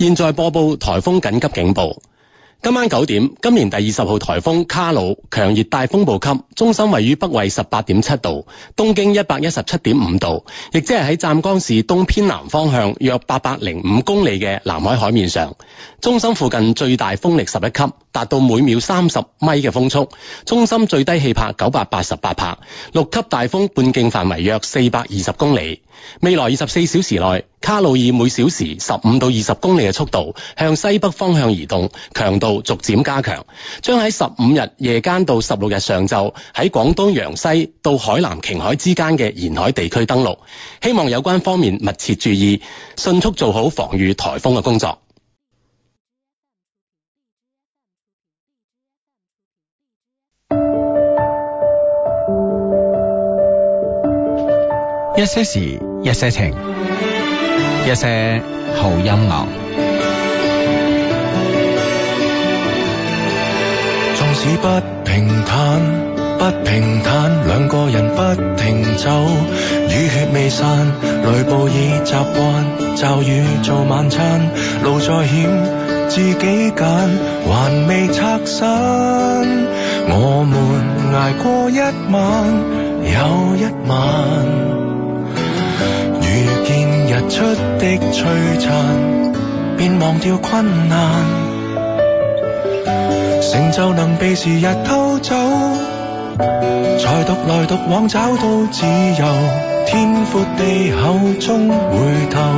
現在播報颱風緊急警報。今晚九點，今年第二十號颱風卡努強熱帶風暴級，中心位於北緯十八點七度、東經一百一十七點五度，亦即係喺湛江市東偏南方向約八百零五公里嘅南海海面上。中心附近最大風力十一級，達到每秒三十米嘅風速。中心最低氣壓九百八十八帕。六級大風半徑範圍約四百二十公里。未來二十四小時內。卡努以每小時十五到二十公里嘅速度向西北方向移動，強度逐漸加強，將喺十五日夜間到十六日上晝喺廣東陽西到海南瓊海之間嘅沿海地區登陸。希望有關方面密切注意，迅速做好防御台風嘅工作。一些事，一些情。一些好音樂。縱使不平坦，不平坦，兩個人不停走，雨血未散，雷暴已習慣，驟雨做晚餐，路再險自己揀，還未拆散，我們捱過一晚又一晚。出的璀璨，便忘掉困難。成就能被時日偷走，才獨來獨往找到自由。天闊地厚終回頭。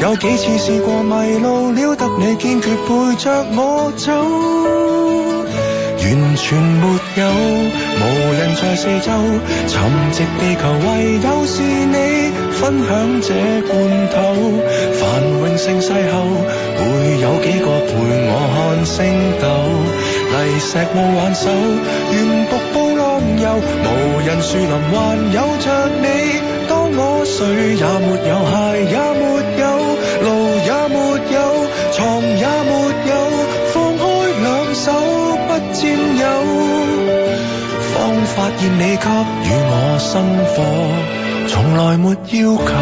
有幾次試過迷路了，得你堅決揹著我走。完全沒有，無人在四周，沉寂地球唯有是你分享這罐頭，繁榮盛世後會有幾個陪我看星斗？泥石路挽手，沿瀑布浪遊無人樹林還有着你。當我睡也沒有，鞋也沒有，路也沒有，床也沒有，放開兩手。佔有，方發現你給予我生活從來沒要求。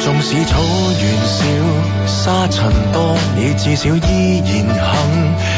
縱、嗯、使草原小，沙塵多，你至少依然肯。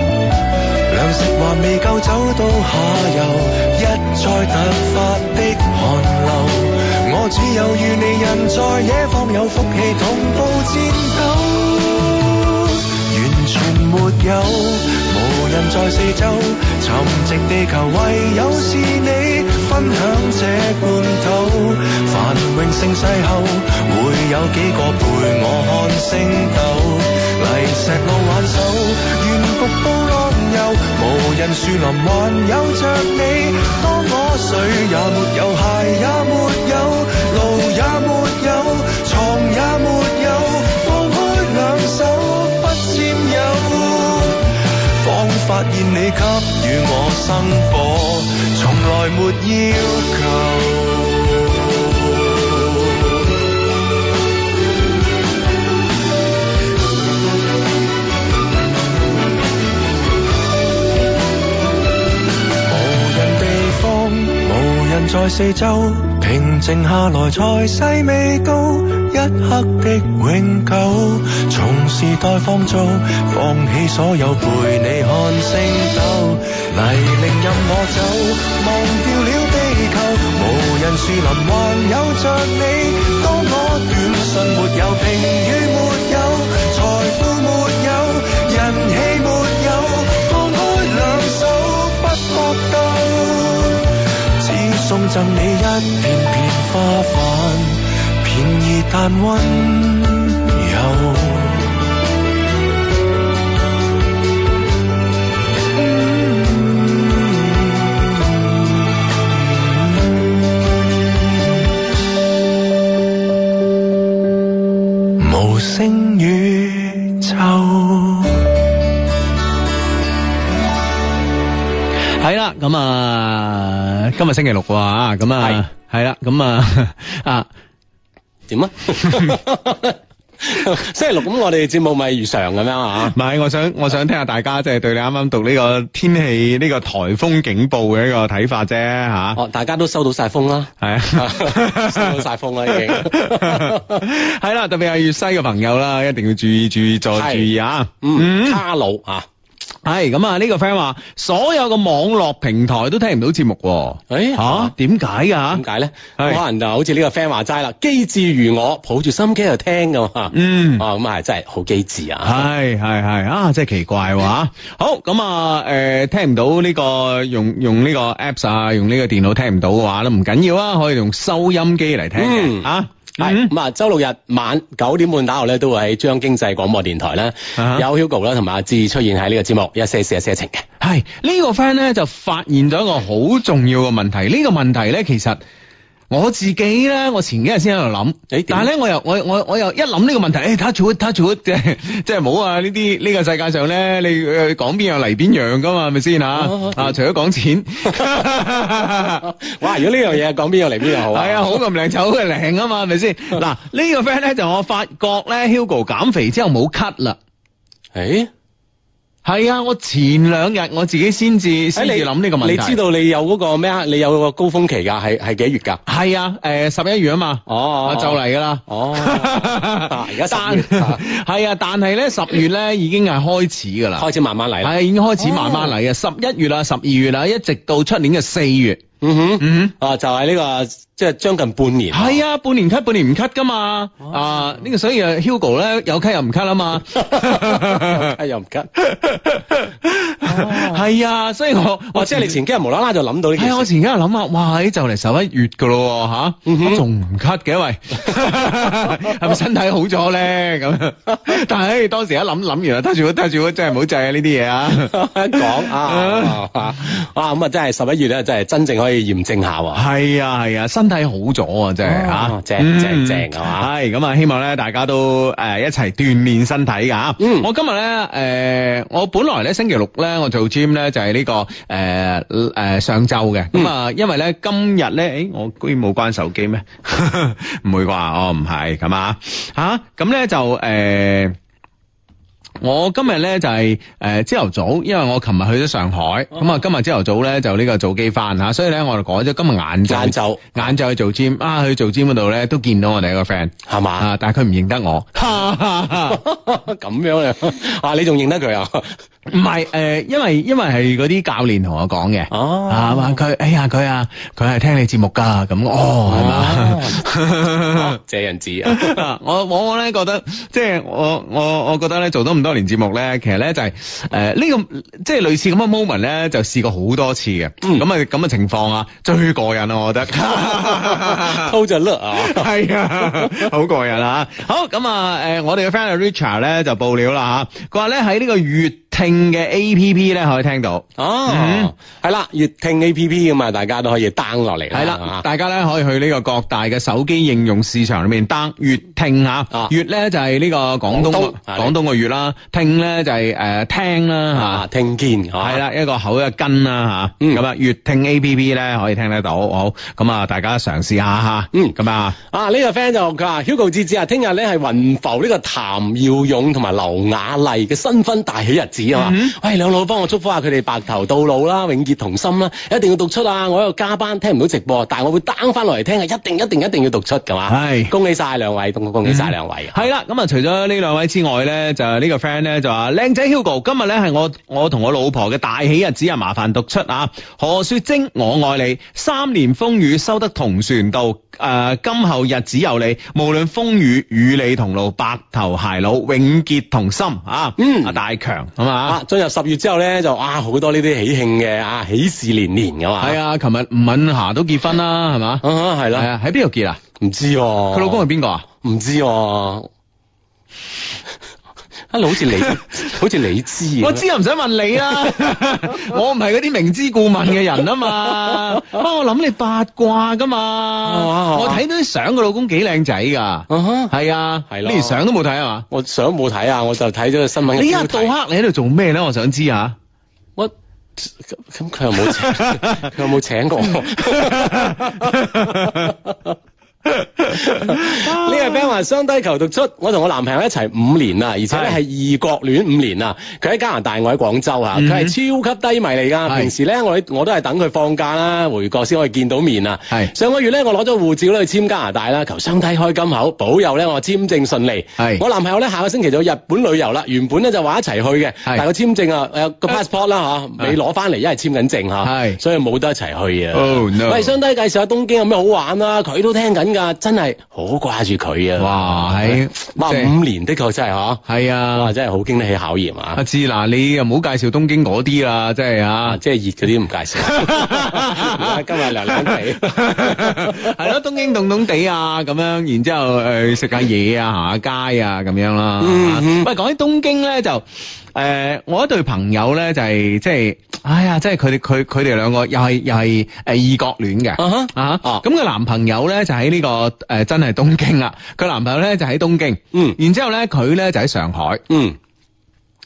糧食還未夠走到下游，一再突發的寒流，我只有與你人在野方有福氣同步戰鬥，完全沒有，無人在四周，沉寂地球唯有是你分享這罐頭繁榮盛世後會有幾個陪我看星斗，泥石路挽手，沿瀑布落。無人樹林還有着你，當我誰也沒有，鞋也沒有，路也沒有，床，也沒有，放開兩手不佔有，方發現你給予我生活，從來沒要求。在四周平靜下來，才細味到一刻的永久。從時代放縱，放棄所有陪你看星斗，泥濘任我走，忘掉了地球，無人樹林還有着你。當我短信沒有，評語沒有，財富沒有，人氣沒有，放開兩手不搏鬥。送贈你一片片花瓣，便宜淡溫。星期六啩咁啊係係啦咁啊、嗯、樣啊點啊 星期六咁我哋節目咪如常咁樣啊？唔係，我想我想聽下大家即係、就是、對你啱啱讀呢個天氣呢、呢個台風警報嘅一個睇法啫吓。啊、哦，大家都收到晒風啦。係是啊， 收到晒風啦，已經係啦、 啊。特別係粵西嘅朋友啦，一定要注意注意再注意啊。嗯，哈嘍、嗯、啊。係咁啊！呢、這個 friend 話，所有個網絡平台都聽唔到節目誒、啊、吓，點解噶吓？點解咧？可能就好似呢個 friend 話齋啦，機智如我抱住收音機嚟聽噶嘛嗯，啊咁係真係好機智啊！係係係啊，真係奇怪哇！好咁啊，誒、 啊呃，聽唔到呢、這個用用呢個 apps 啊，用呢個電腦聽唔到嘅話都唔緊要啊，可以用收音機嚟聽吓。嗯啊係咁啊，周、mm hmm. 六日晚九點半打後咧，都會喺將經濟廣播電台咧，uh huh. 有 Hugo 啦，同埋阿志出現喺呢個節目，一些事，一些情嘅。係、這個、呢個 friend 咧就發現咗一個好重要嘅問題。呢、這個問題咧其實。我自己咧，我前幾日先喺度諗，欸、但係咧我又我我我又一諗呢個問題，誒、哎，touch touch 即係即係冇啊呢啲呢個世界上咧，你誒講邊樣嚟邊樣噶嘛，係咪先吓啊？除咗講錢， 哇！如果呢樣嘢講邊樣嚟邊樣好啊？係 啊，好咁靚醜嘅靚啊嘛，係咪先？嗱、這個、呢個 friend 咧就我發覺咧，Hugo 減肥之後冇咳啦，誒、欸。係啊，我前兩日我自己先至先至諗呢個問題你。你知道你有嗰個咩啊？你有個高峰期噶係係幾月噶？係啊，誒，十一月啊嘛哦。哦，就嚟噶啦。哦，而家單係啊，但係咧十月咧 已經係開始噶啦，開始慢慢嚟。係、啊、已經開始慢慢嚟嘅。十一月啦，十二月啦，一直到出年嘅四月。嗯哼，嗯哼，啊，就係呢個即係將近半年，係啊，半年咳，半年唔咳噶嘛，啊，呢個所以啊，Hugo 咧有咳又唔咳啊嘛，咳又唔咳，係啊，所以我我或者你前幾日無啦啦就諗到呢，係啊，我前幾日諗啊，哇，呢就嚟十一月噶咯喎，吓，仲唔咳嘅喂，係咪身體好咗咧？咁樣，但係當時一諗諗完啊，戴住個戴住個真係唔好制啊呢啲嘢啊，一講啊，啊，哇，咁啊真係十一月咧就係真正可以。驗證下喎，係啊係啊，身體好咗啊，真係吓，正正正啊嘛，係咁啊，希望咧大家都誒一齊鍛煉身體噶，嗯，我今日咧誒，我本來咧星期六咧我做 gym 咧就係呢個誒誒上晝嘅，咁啊，因為咧今日咧，誒我居然冇關手機咩，唔會啩？我，唔係咁啊，吓咁咧就誒。我今日咧就係誒朝頭早，因為我琴日去咗上海，咁啊今日朝頭早咧就呢個早機翻吓，所以咧我就改咗今日晏晝，晏晝午去做 gym，啊去做 gym 嗰度咧都見到我哋一個 friend，係嘛，嗎啊但係佢唔認得我，咁 樣啊呢，哇 你仲認得佢啊？ 唔係，誒、呃，因為因為係嗰啲教練同我講嘅，哦，啊嘛，佢，哎呀，佢啊，佢係聽你節目㗎，咁，哦，係嘛、哦，借人字啊，啊 我往往咧覺得，即係我我我覺得咧做咗咁多年節目咧，其實咧就係、是，誒、呃，呢、這個即係類似咁嘅 moment 咧，就試過好多次嘅，咁啊咁嘅情況啊，最過癮啊，我覺得， 偷着樂嘯啊，係 啊，好過癮啊，好，咁啊，誒、呃，我哋嘅 friend Richard 咧就報料啦吓，佢話咧喺呢個月。聽嘅 A P P 咧可以聽到哦，係啦，粵聽 A P P 噶嘛，大家都可以 down 落嚟啦。係啦，大家咧可以去呢個各大嘅手機應用市場裏面 down 粵聽吓，粵咧就係呢個廣東廣東嘅粵啦，聽咧就係誒聽啦吓，聽見係啦，一個口一個斤啦吓，咁啊粵聽 A P P 咧可以聽得到，好，咁啊大家嘗試下吓，嗯，咁啊啊呢個 friend 就話 Hugo 志志啊，聽日咧係雲浮呢個譚耀勇同埋劉雅麗嘅新婚大喜日子。子啊嘛，喂，兩老幫我祝福下佢哋白頭到老啦，永結同心啦，一定要讀出啊！我喺度加班聽唔到直播，但係我會 down 翻落嚟聽啊！一定一定一定要讀出，㗎嘛？係，恭喜曬兩位，恭恭喜曬兩位。係啦，咁啊，除咗呢兩位之外咧，就呢個 friend 咧就話：靚仔 Hugo，今日咧係我我同我老婆嘅大喜日子啊！麻煩讀出啊！何雪晶，我愛你，三年風雨收得同船渡，誒，今後日子有你，無論風雨與你同路，白頭偕老，永結同心啊！嗯，阿大強。啊！進入十月之後咧，就啊好多呢啲喜慶嘅啊，喜事連連㗎嘛。係啊，琴日吳敏霞都結婚啦，係嘛？係啦、啊，喺邊度結啊？唔知、啊。佢老公係邊個啊？唔知啊。 啊，好似你。 好似你知、啊，我知又唔想問你啊。 我唔係嗰啲明知故問嘅人啊嘛， 我諗你八卦噶嘛，哦哦、我睇到啲相個老公幾靚仔噶係啊，你連相都冇睇啊？嘛，啊？啊、我相冇睇啊，我就睇咗個新聞。 一你一日到黑你喺度做咩咧？我想知啊。我咁佢又冇，佢有冇請、 請過 呢個俾人話雙低求讀出，我同我男朋友一齊五年啦，而且咧係異國戀五年啦。佢喺加拿大，我喺廣州啊。佢係超級低迷嚟㗎。平時咧，我我都係等佢放假啦，回國先可以見到面啊。是上個月咧，我攞咗護照去簽加拿大啦，求雙低開金口，保佑咧我簽證順利。是我男朋友咧，下個星期就去日本旅遊啦。原本咧就話一齊去嘅，是但係個簽證、uh, 啊，誒個 passport 啦吓，未攞翻嚟，因為簽緊證嚇，uh, uh, 所以冇得一齊去啊。喂，oh, no. 雙低介紹下東京有咩好玩啊？佢都聽緊。真係好掛住佢啊！哇，喺哇吧、就是、五年的確真係嗬，係啊，真係好經得起考驗啊！阿志，嗱你又唔好介紹東京嗰啲啦，真係啊，啊，即係熱嗰啲唔介紹。 今日嚟兩期，係 咯， 東京凍凍地啊，咁、 呃、樣，然之後去食下嘢啊，行下街啊，咁樣啦。喂，講起東京咧就。誒、呃，我一對朋友咧就係、是、即係，哎呀，即係佢哋佢佢哋兩個又係又係誒異國戀嘅，Uh-huh. Uh-huh. 啊咁佢、那個、男朋友咧就喺呢、這個誒、呃、真係東京啦，佢男朋友咧就喺東京，嗯。然之後咧佢咧就喺上海，嗯。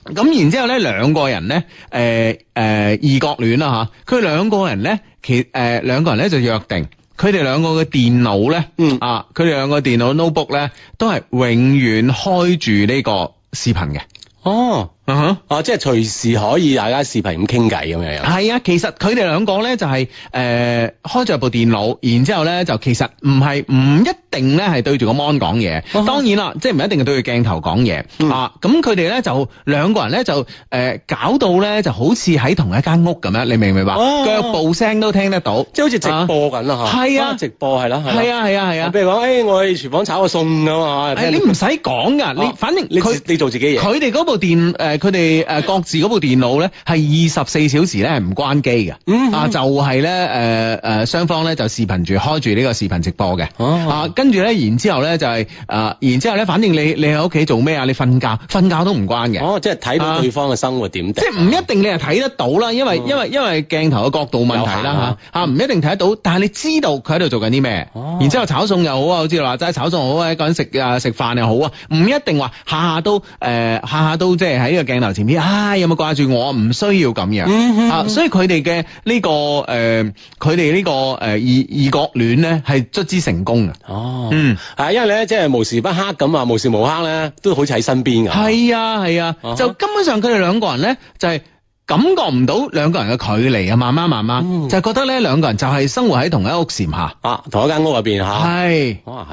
咁然之後咧兩個人咧，誒誒異國戀啦吓，佢、啊、兩個人咧其誒、呃、兩個人咧就約定，佢哋兩個嘅電腦咧，嗯啊，佢哋兩個電腦 notebook 咧、啊、都係永遠開住呢個視頻嘅，哦。Uh huh. 啊即係隨時可以大家視頻咁傾偈咁樣樣。係啊，其實佢哋兩個咧就係、是、誒、呃、開住部電腦，然之後咧就其實唔係唔一定咧係對住個 mon 講嘢。Uh huh. 當然啦，即係唔一定係對住鏡頭講嘢、uh huh. 啊。咁佢哋咧就兩個人咧就誒、呃、搞到咧就好似喺同一間屋咁樣，你明唔明白？腳、uh huh. 步聲都聽得到，即係好似直播緊啊！吓、uh，係、huh. 啊，直播係啦，係、uh huh. 啊，係、哎、啊，係啊。譬如講，誒我去廚房炒個餸咁嘛，你唔使講噶，你反正佢、啊你，啊、你做自己嘢，佢哋嗰部電誒。啊佢哋誒各自部電腦咧，係二十四小時咧係唔關機嘅，嗯、哼啊就係咧誒誒雙方咧就視頻住開住呢個視頻直播嘅，啊啊就係，啊跟住咧然之後咧就係啊然之後咧，反正你你喺屋企做咩啊？你瞓覺瞓覺都唔關嘅。哦即係睇到對方嘅生活點嘅，啊，即係唔一定你係睇得到啦，因為、啊、因為因為鏡頭嘅角度問題啦，嚇嚇唔一定睇得到，但係你知道佢喺度做緊啲咩，然之後炒餸又好啊，我知道好似話齋炒餸好啊，一個人食啊食飯又好啊，唔一定話下下都誒下下都即係喺。鏡頭前面，唉、啊，有冇掛住我？唔需要咁樣，嗯嗯、啊！所以佢哋嘅呢個誒，佢哋呢個誒異異國戀咧，係卒之成功嘅。哦，嗯，係、啊、因為咧，即係無時不刻咁啊，無時無刻咧都好似喺身邊嘅。係啊，係啊，就根本上佢哋兩個人咧，就係、是。感覺唔到兩個人嘅距離啊，慢慢慢慢就係覺得咧，兩個人就係生活喺同一屋檐下，啊，同一間屋入邊吓，係，可能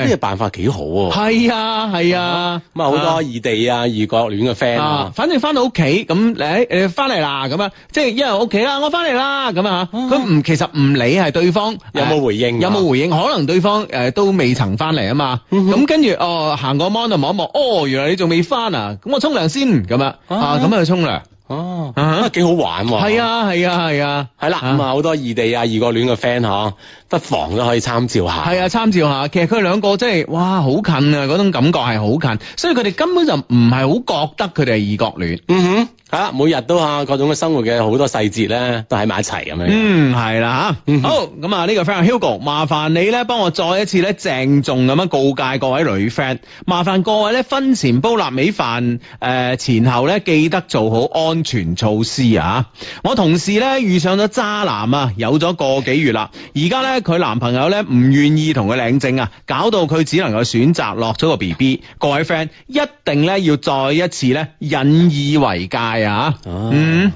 係，呢個辦法幾好，係啊係啊，咁啊好多異地啊異國戀嘅 friend 啊，反正翻到屋企咁嚟誒翻嚟啦咁啊，即係因為屋企啦，我翻嚟啦咁啊，佢唔其實唔理係對方有冇回應，有冇回應，可能對方誒都未曾翻嚟啊嘛，咁跟住哦行個 mon 度望一望，哦原來你仲未翻啊，咁我沖涼先咁啊，啊咁去沖涼。哦，都、啊、幾好玩喎！係啊，係啊，係啊，係啦、啊，咁啊好、啊嗯、多異地啊、異國戀嘅 friend 嗬，不妨都可以參照下。係啊，參照下，其實佢哋兩個真係，哇，好近啊！嗰種感覺係好近，所以佢哋根本就唔係好覺得佢哋係異國戀。嗯哼。係啦，每日都啊，各種嘅生活嘅好多細節咧，都喺埋一齊咁樣。嗯，係啦吓。 好，咁啊呢個 friend Hugo，麻煩你咧，幫我再一次咧鄭重咁樣告誡各位女 friend，麻煩各位咧婚前煲臘味飯，誒、呃、前後咧記得做好安全措施啊！我同事咧遇上咗渣男啊，有咗個幾月啦，而家咧佢男朋友咧唔願意同佢領證啊，搞到佢只能夠選擇落咗個 BB。各位 friend，一定咧要再一次咧引以為戒。係啊，嗯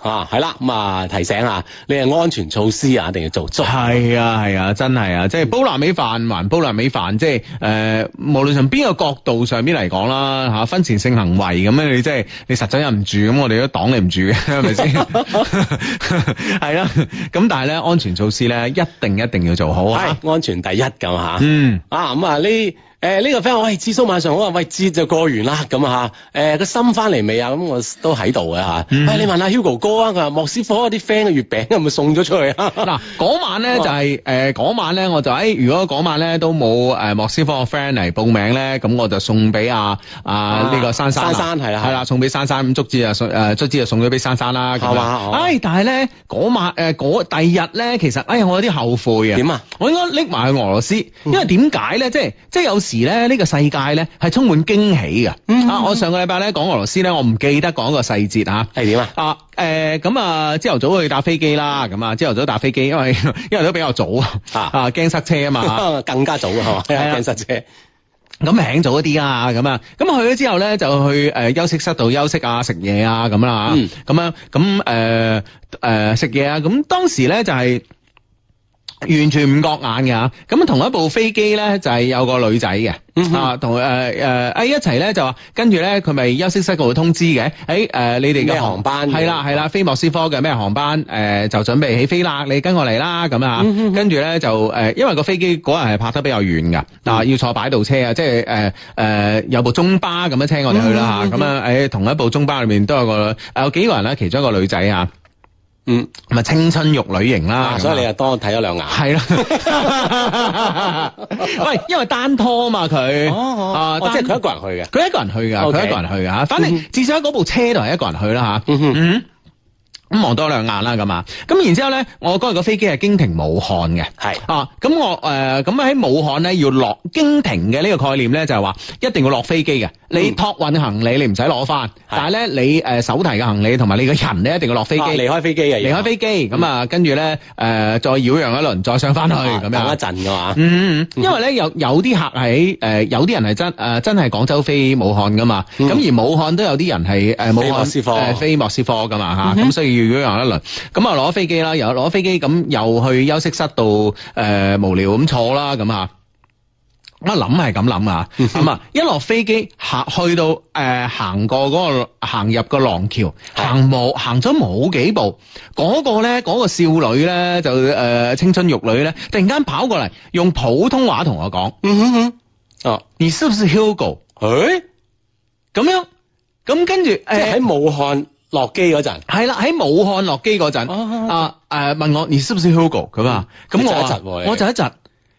啊，係啦，咁、嗯、啊提醒啊，你係安全措施啊，一定要做足。係啊，係啊，真係啊，即係煲爛尾飯還煲爛尾飯，即係誒，無論從邊個角度上邊嚟講啦，吓、啊、婚前性行為咁樣，你即係你實在忍唔住，咁我哋都擋你唔住嘅，係咪先？係啦，咁但係咧，安全措施咧，一定一定要做好啊，嗯、安全第一咁吓、啊啊，嗯啊咁啊呢。誒，呢、欸這個 friend、哎、我喂，智叔。晚上好啊，喂，節就過完啦，咁啊嚇，誒個心翻嚟未啊？咁、啊、我都喺度嘅嚇。你問下 Hugo 哥啊，莫斯科啲 friend 嘅月餅，係咪送咗出去啊？嗱、那個，嗰、哦呃那個、晚咧就係誒嗰晚咧，我就誒、哎，如果嗰晚咧都冇誒莫斯科個 friend 嚟報名咧，咁我就送俾阿阿呢個珊珊。啊、珊珊係啦，係、啊、啦，送俾珊珊咁竹之啊送誒卒之送咗俾珊珊啦。係嘛？唉、啊的，但係咧嗰晚誒嗰第二日咧，其實哎我有啲後悔啊。點啊？我應該拎埋去俄羅斯，因為點解咧？即係即係有。時咧呢個世界咧係充滿驚喜噶啊，我上個禮拜咧講俄羅斯咧，我唔記得講個細節啊，係點啊？啊，誒，咁啊，朝頭早去搭飛機啦，咁啊，朝頭早搭飛機，因為因為都比較早啊，啊，驚塞車啊嘛，更加早啊，係嘛，驚塞車。咁醒早一啲啊，咁啊，咁去咗之後咧就去誒休息室度休息啊，食嘢啊，咁啦，咁啊，咁誒誒食嘢啊，咁當時咧就係。完全唔覺眼㗎，咁同一部飛機咧就係、是、有個女仔嘅，啊同誒誒誒一齊咧就話，跟住咧佢咪休息室嗰度通知嘅、啊，誒、欸、誒你哋嘅航班，係啦係啦飛莫斯科嘅咩航班，誒、啊、就準備起飛啦，你跟我嚟啦咁啊，跟住咧就誒、呃，因為個飛機嗰日係泊得比較遠㗎，嗱 consoles.、呃、要坐擺渡車啊，即係誒誒有部中巴咁樣車我哋去啦嚇，咁啊誒同一部中巴裏面都有個誒、呃、幾個人啦，其中一個女仔嚇。嗯，咪、就是、青春玉女型啦，啊、所以你又多睇咗兩眼。係啦，喂，因為單拖啊嘛，佢哦哦、呃、哦，哦，即係佢一個人去嘅，佢一個人去噶，佢、okay. 一個人去啊，反正、嗯、至少喺部車度係一個人去啦吓。啊、嗯哼。咁望多兩眼啦，咁啊，咁然之後咧，我嗰日個飛機係經停武漢嘅，係啊，咁我誒咁喺武漢咧要落。經停嘅呢個概念咧，就係話一定要落飛機嘅，你託運行李你唔使攞翻，但係咧你誒手提嘅行李同埋你個人咧一定要落飛機，離開飛機嘅，離開飛機，咁啊跟住咧誒再擾攘一輪，再上翻去咁樣，等一陣嘅嘛。因為咧有有啲客喺誒有啲人係真誒真係廣州飛武漢嘅嘛，咁而武漢都有啲人係誒武漢誒飛莫斯科嘅嘛嚇，咁所以。如一輪咁啊，攞飛機啦，又攞飛機咁，又去休息室度誒無聊咁坐啦，咁啊諗係咁諗啊，咁啊一落飛機行去到誒行過嗰個行入個廊橋，行冇行咗冇幾步，嗰個咧嗰個少女咧就誒青春玉女咧，突然間跑過嚟用普通話同我講，哦，你是不是 Hugo？哎，咁樣咁跟住誒喺武漢。落機嗰陣係啦，喺 武漢落機嗰陣啊誒，問我你識唔識 Hugo 咁啊？咁我話，我就一窒，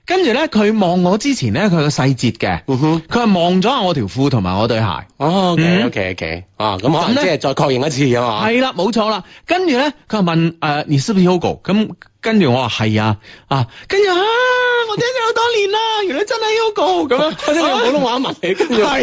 跟住咧佢望我之前咧，佢個細節嘅，佢係望咗下我條褲同埋我對鞋。哦、oh, OK OK, okay.、Mm。Hmm. 啊，咁我即係再確認一次啊嘛，係啦，冇錯啦。跟住咧，佢話問誒你係唔係 Hugo，咁跟住我話係啊，啊，跟住啊，我聽咗好多年啦、啊，原來真係 Hugo 咁樣，我即、啊、用普通話問你，跟住啊，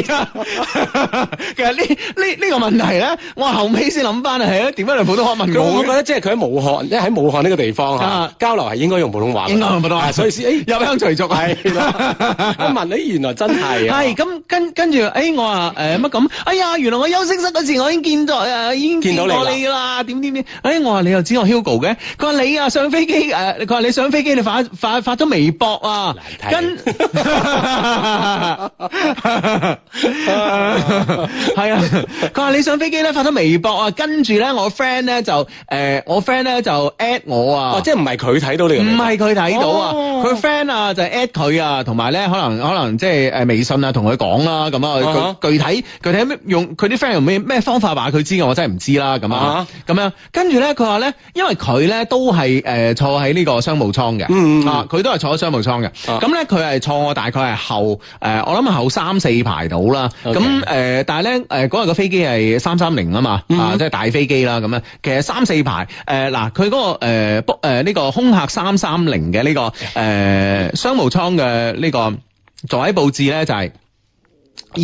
其實呢呢呢個問題咧，我後尾先諗翻啊，係啊，點解用普通話問？佢我覺得即係佢喺武漢，即係喺武漢呢個地方嚇、啊啊、交流係應該用普通話，應該 所以先誒、哎、入鄉隨俗啊， 是啊 問你，原來真係啊，係咁 跟跟住誒我話誒乜咁，哎呀原來我休息。嗰時我已經見到，誒、啊、已經見到你，你見到你啦。點點點，誒、哎、我話你又知我 Hugo 嘅？佢話你啊上飛機，誒佢話你上飛機，你發發發咗微博啊，難睇跟係啊，佢話你上飛機咧發咗微博啊，跟住咧我 friend 咧就誒、呃、我 friend 咧就 at 我啊，哦、即係唔係佢睇到你？唔係佢睇到啊，佢、哦、friend 啊就 at 佢啊，同埋咧可能可能即係誒微信啊同佢講啦咁啊，具、uh huh. 具體具體咩用佢啲 friend 用咩？咩方法話佢知嘅？我真係唔知啦。咁啊，咁樣跟住咧，佢話咧，因為佢咧都係誒、呃、坐喺呢個商務艙嘅，嗯嗯啊，佢都係坐喺商務艙嘅。咁咧、啊，佢係坐我大概係後誒、呃，我諗係後三四排到啦。咁誒 Okay.、呃，但係咧誒，嗰日個飛機係三三零啊嘛，嗯、啊，即係大飛機啦。咁咧，其實三四排誒，嗱、呃，佢嗰、嗰個誒，誒、呃，呢、呢個空客三三零嘅呢個誒、呃、商務艙嘅呢個座位佈置咧，就係二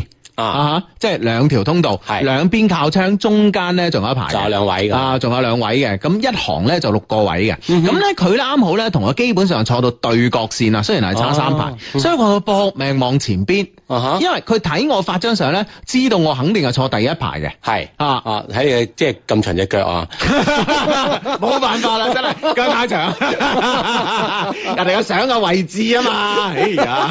二二。啊啊！即係兩條通道，係兩邊靠窗，中間咧仲有一排，仲有兩位嘅啊，仲有兩位嘅，咁一行咧就六個位嘅，咁咧佢啱好咧同我基本上坐到對角線啊，雖然係差三排，所以佢搏命望前邊，因為佢睇我發張相咧，知道我肯定係坐第一排嘅，係啊啊！睇佢即係咁長隻腳啊，冇辦法啦，真係腳太長，人哋嘅相嘅位置啊嘛，哎呀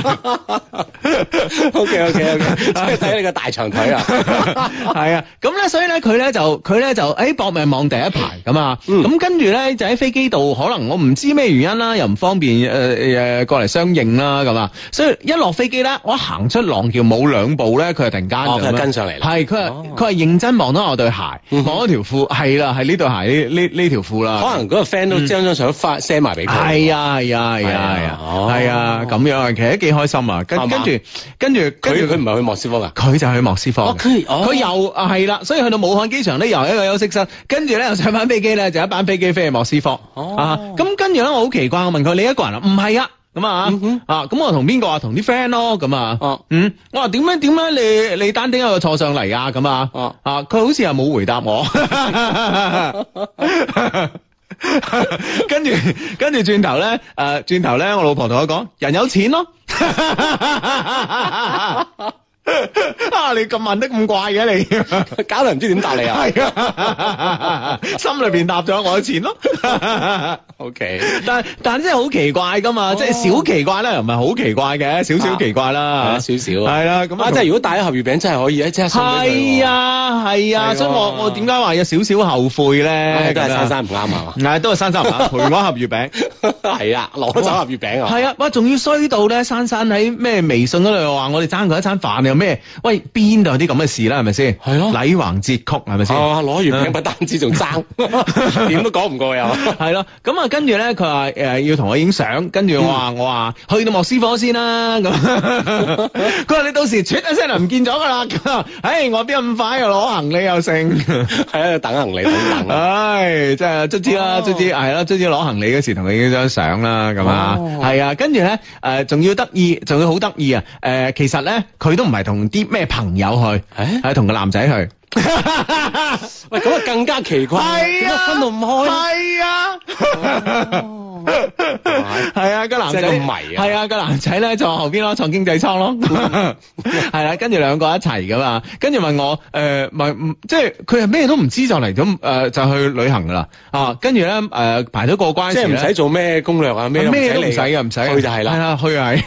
，OK OK OK。呢個大長腿啊，係啊，咁咧，所以咧，佢咧就佢咧就誒搏命望第一排咁啊，咁跟住咧就喺飛機度，可能我唔知咩原因啦，又唔方便誒誒過嚟相應啦咁啊，所以一落飛機咧，我行出廊橋冇兩步咧，佢就突然間跟上嚟啦，係佢係佢係認真望到我對鞋，望咗條褲，係啦，係呢對鞋呢呢呢條褲啦，可能嗰個 friend 都將張相發 send 埋俾佢，係啊係啊係啊係啊咁樣啊，其實幾開心啊，跟跟住跟住佢佢唔係去莫斯科㗎。佢就去莫斯科，佢 Okay ,、oh. 又係啦、啊，所以去到武漢機場咧，又係一個休息室，跟住咧又上翻飛機咧，就一班飛機飛，飛去莫斯科。哦、oh. 啊，咁跟住咧，我好奇怪，我問佢你一個人啊？唔係啊，咁啊，啊，咁我同邊個啊？同啲 friend 咯，咁啊，哦，嗯，我話點咧？點咧？你你單丁一個坐上嚟啊？咁啊，啊，佢、啊啊啊啊啊啊啊、好似又冇回答我。 跟住跟住轉頭咧，誒、啊，轉頭咧，我老婆同我講，人有錢咯。 啊！你咁問得咁怪嘅你，搞到唔知點答你啊？係啊，心裏邊答咗我嘅錢咯。OK，但但真係好奇怪噶嘛，即係少奇怪啦，又唔係好奇怪嘅，少少奇怪啦，少少。係啦，咁啊，即係如果帶一盒月餅真係可以，即係送俾你。係啊，係啊，所以我我點解話有少少後悔咧？都係珊珊唔啱啊嘛，都係珊珊唔啱，陪我一盒月餅係啊，攞走一盒月餅啊，係啊，哇！仲要衰到咧，珊珊喺咩微信嗰度話我哋爭佢一餐飯。咩？喂，邊度有啲咁嘅事啦？係咪先？係咯，禮橫節曲係咪先？攞完嘅唔單止仲爭，點都講唔過又。係咯，咁啊，跟住咧，佢話誒要同我影相，跟住我話我話去到莫斯科先啦。咁佢話你到時啜一聲唔見咗㗎啦。咁我邊咁快又攞行李又剩，係啊，等行李。唉，即係卒之啦，卒之係啦，卒之攞行李嗰時同你影張相啦。咁啊，係啊，跟住咧誒仲要得意，仲要好得意啊！誒其實咧佢都唔係。同啲咩朋友去？誒係同個男仔去。 喂，咁啊更加奇怪，點解分到唔開？係啊。是 係啊，個男仔唔係啊，係啊，個男仔咧坐後邊咯，坐經濟艙咯，係啦，跟住兩個一齊噶嘛，跟住問我誒，唔即係佢係咩都唔知就嚟咁誒，就去旅行噶啦啊，跟住咧誒排到過關，即係唔使做咩攻略啊，咩唔使唔使嘅，唔使去就係啦，去係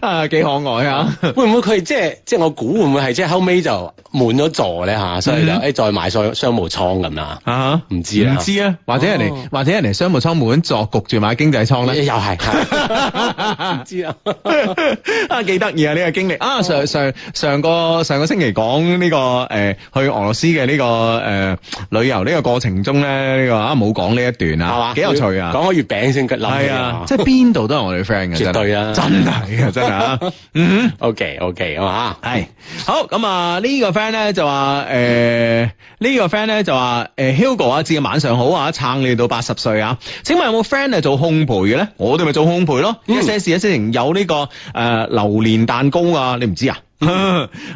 啊，幾可愛啊，會唔會佢即係即係我估會唔會係即係後尾就滿咗座咧吓，所以就誒再買商商務艙咁啊，唔知唔知啊，或者人哋或者人哋商務艙滿。作焗住買經濟艙咧，又係唔知啊，啊幾得意啊，呢個經歷啊！上上上個上個星期講呢個誒去俄羅斯嘅呢個誒旅遊呢個過程中咧，呢個啊冇講呢一段啊，係嘛，幾有趣啊！講開月餅先啦，係啊，即係邊度都係我哋 friend 嘅，絕對啊，真係嘅，真係啊，嗯，OK OK，好嘛，係好咁啊，呢個 friend 咧就話誒呢個 friend 咧就話誒 Hugo 啊，至晚上好啊，撐你到八十歲啊！請問有冇 friend 係做烘焙嘅咧，我哋咪做烘焙咯。一些事，一些情，有呢、這個誒、呃、榴蓮蛋糕啊，你唔知啊？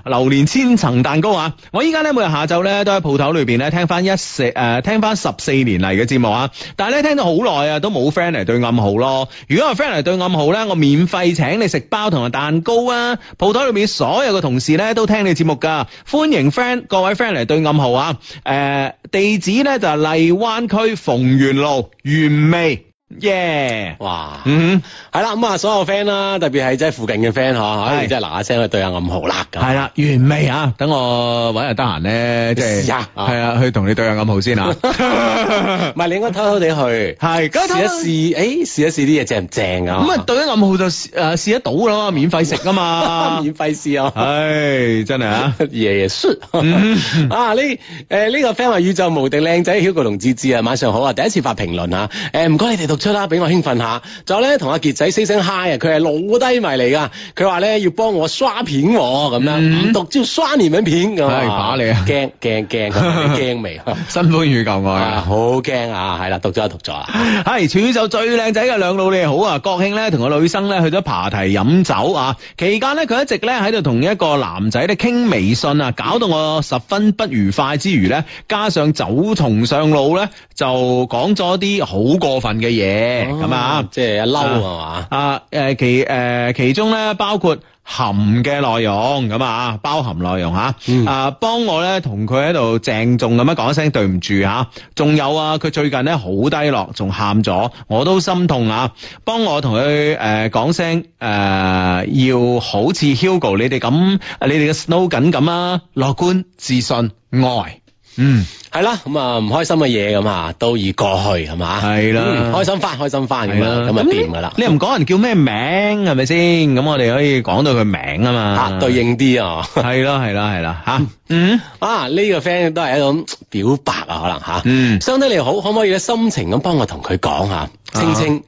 流年 千層蛋糕啊！我依家咧每日下晝咧都喺鋪頭裏邊咧聽翻一四誒、呃、聽翻十四年嚟嘅節目啊！但係咧聽咗好耐啊，都冇 friend 嚟對暗號咯。如果我 friend 嚟對暗號咧，我免費請你食包同埋蛋糕啊！鋪頭裏面所有嘅同事咧都聽你節目噶，歡迎 friend 各位 friend 嚟對暗號啊！誒、呃，地址咧就係、是、荔灣區逢源路原味。耶！Yeah. 哇，嗯哼、mm，係啦，咁啊，所有 friend 啦，特別係即係附近嘅 friend 嗬，可以即係嗱嗱聲去對下暗號啦。係啦，完美啊，等我搵日得閒咧， 即係是係啊，去同你對下暗號先啊。唔係 你應該偷偷地去，係試 一試，誒、哎，試一試啲嘢正唔正啊？咁、嗯 嗯、 試啊，對啲暗號就誒試得到噶免費食噶嘛，免費試啊！唉，真係啊，夜夜 s 啊，呢誒呢個 friend 話宇宙無敵靚仔，小巨龍志志啊，晚上好啊，第一次發評論啊。誒、呃，唔該你哋出啦、啊，俾我興奮下。就有咧，同阿杰仔 say 聲 hi 啊，佢係老低迷嚟噶。佢話咧要幫我刷片喎，咁五毒招刷年餅片咁啊，驚驚驚，驚味新歡與舊愛啊，好驚啊，係啦， 讀咗就讀咗啦。係，處就最靚仔嘅兩老。你好啊，國慶咧同個女生咧去咗琶堤飲酒啊，期間咧佢一直咧喺度同一個男仔咧傾微信啊，搞到我十分不愉快之餘咧，加上酒從上路咧上腦，就講咗啲好過分嘅嘢。嘢咁、哦、啊，即係一嬲啊嘛啊誒其誒、呃、其中咧包括含嘅內容咁啊，包含內容吓啊，幫、嗯啊、我咧同佢喺度鄭重咁樣講一聲對唔住吓，仲有啊，佢最近咧好低落，仲喊咗，我都心痛啊，幫我同佢誒講聲誒要好似 Hugo 你哋咁，你哋嘅 snow 緊咁啊，樂觀、自信、愛、呃。Mm. 嗯，係啦，咁啊，唔開心嘅嘢咁啊，都已過去係嘛，係啦的、嗯，開心翻，開心翻咁啊，咁啊掂噶啦。你又唔講人叫咩名係咪先？咁我哋可以講到佢名啊嘛，對應啲啊。係啦，係啦，係啦，吓。嗯啊，呢個 friend 都係一種表白啊，可能吓。嗯，mm. 兄弟你好，可唔可以嘅心情咁幫我同佢講下，青青，啊、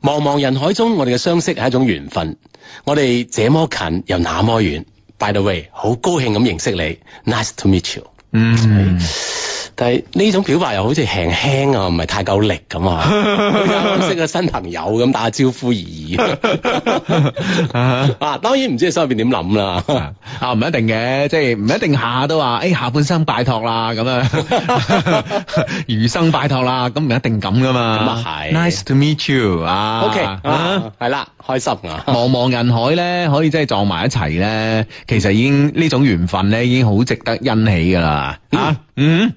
茫茫人海中，我哋嘅相識係一種緣分。我哋這麼近又那麼遠。By the way，好高興咁認識你，Nice to meet you。嗯。但係呢種表白又好似輕輕啊，唔係太夠力咁啊， 識個新朋友咁打招呼而已，啊，當然唔知你心入邊點諗啦。啊，唔一定嘅，即係唔一定下下都話，哎，下半生拜託啦咁樣、啊，餘、啊、生拜託啦，咁唔一定咁噶嘛。咁啊係。Nice to meet you。啊。O K。啊，係啦，開心啊。茫 茫人海咧，可以即係撞埋一齊咧，其實已經呢種緣分咧，已經好值得欣喜噶啦。啊，嗯。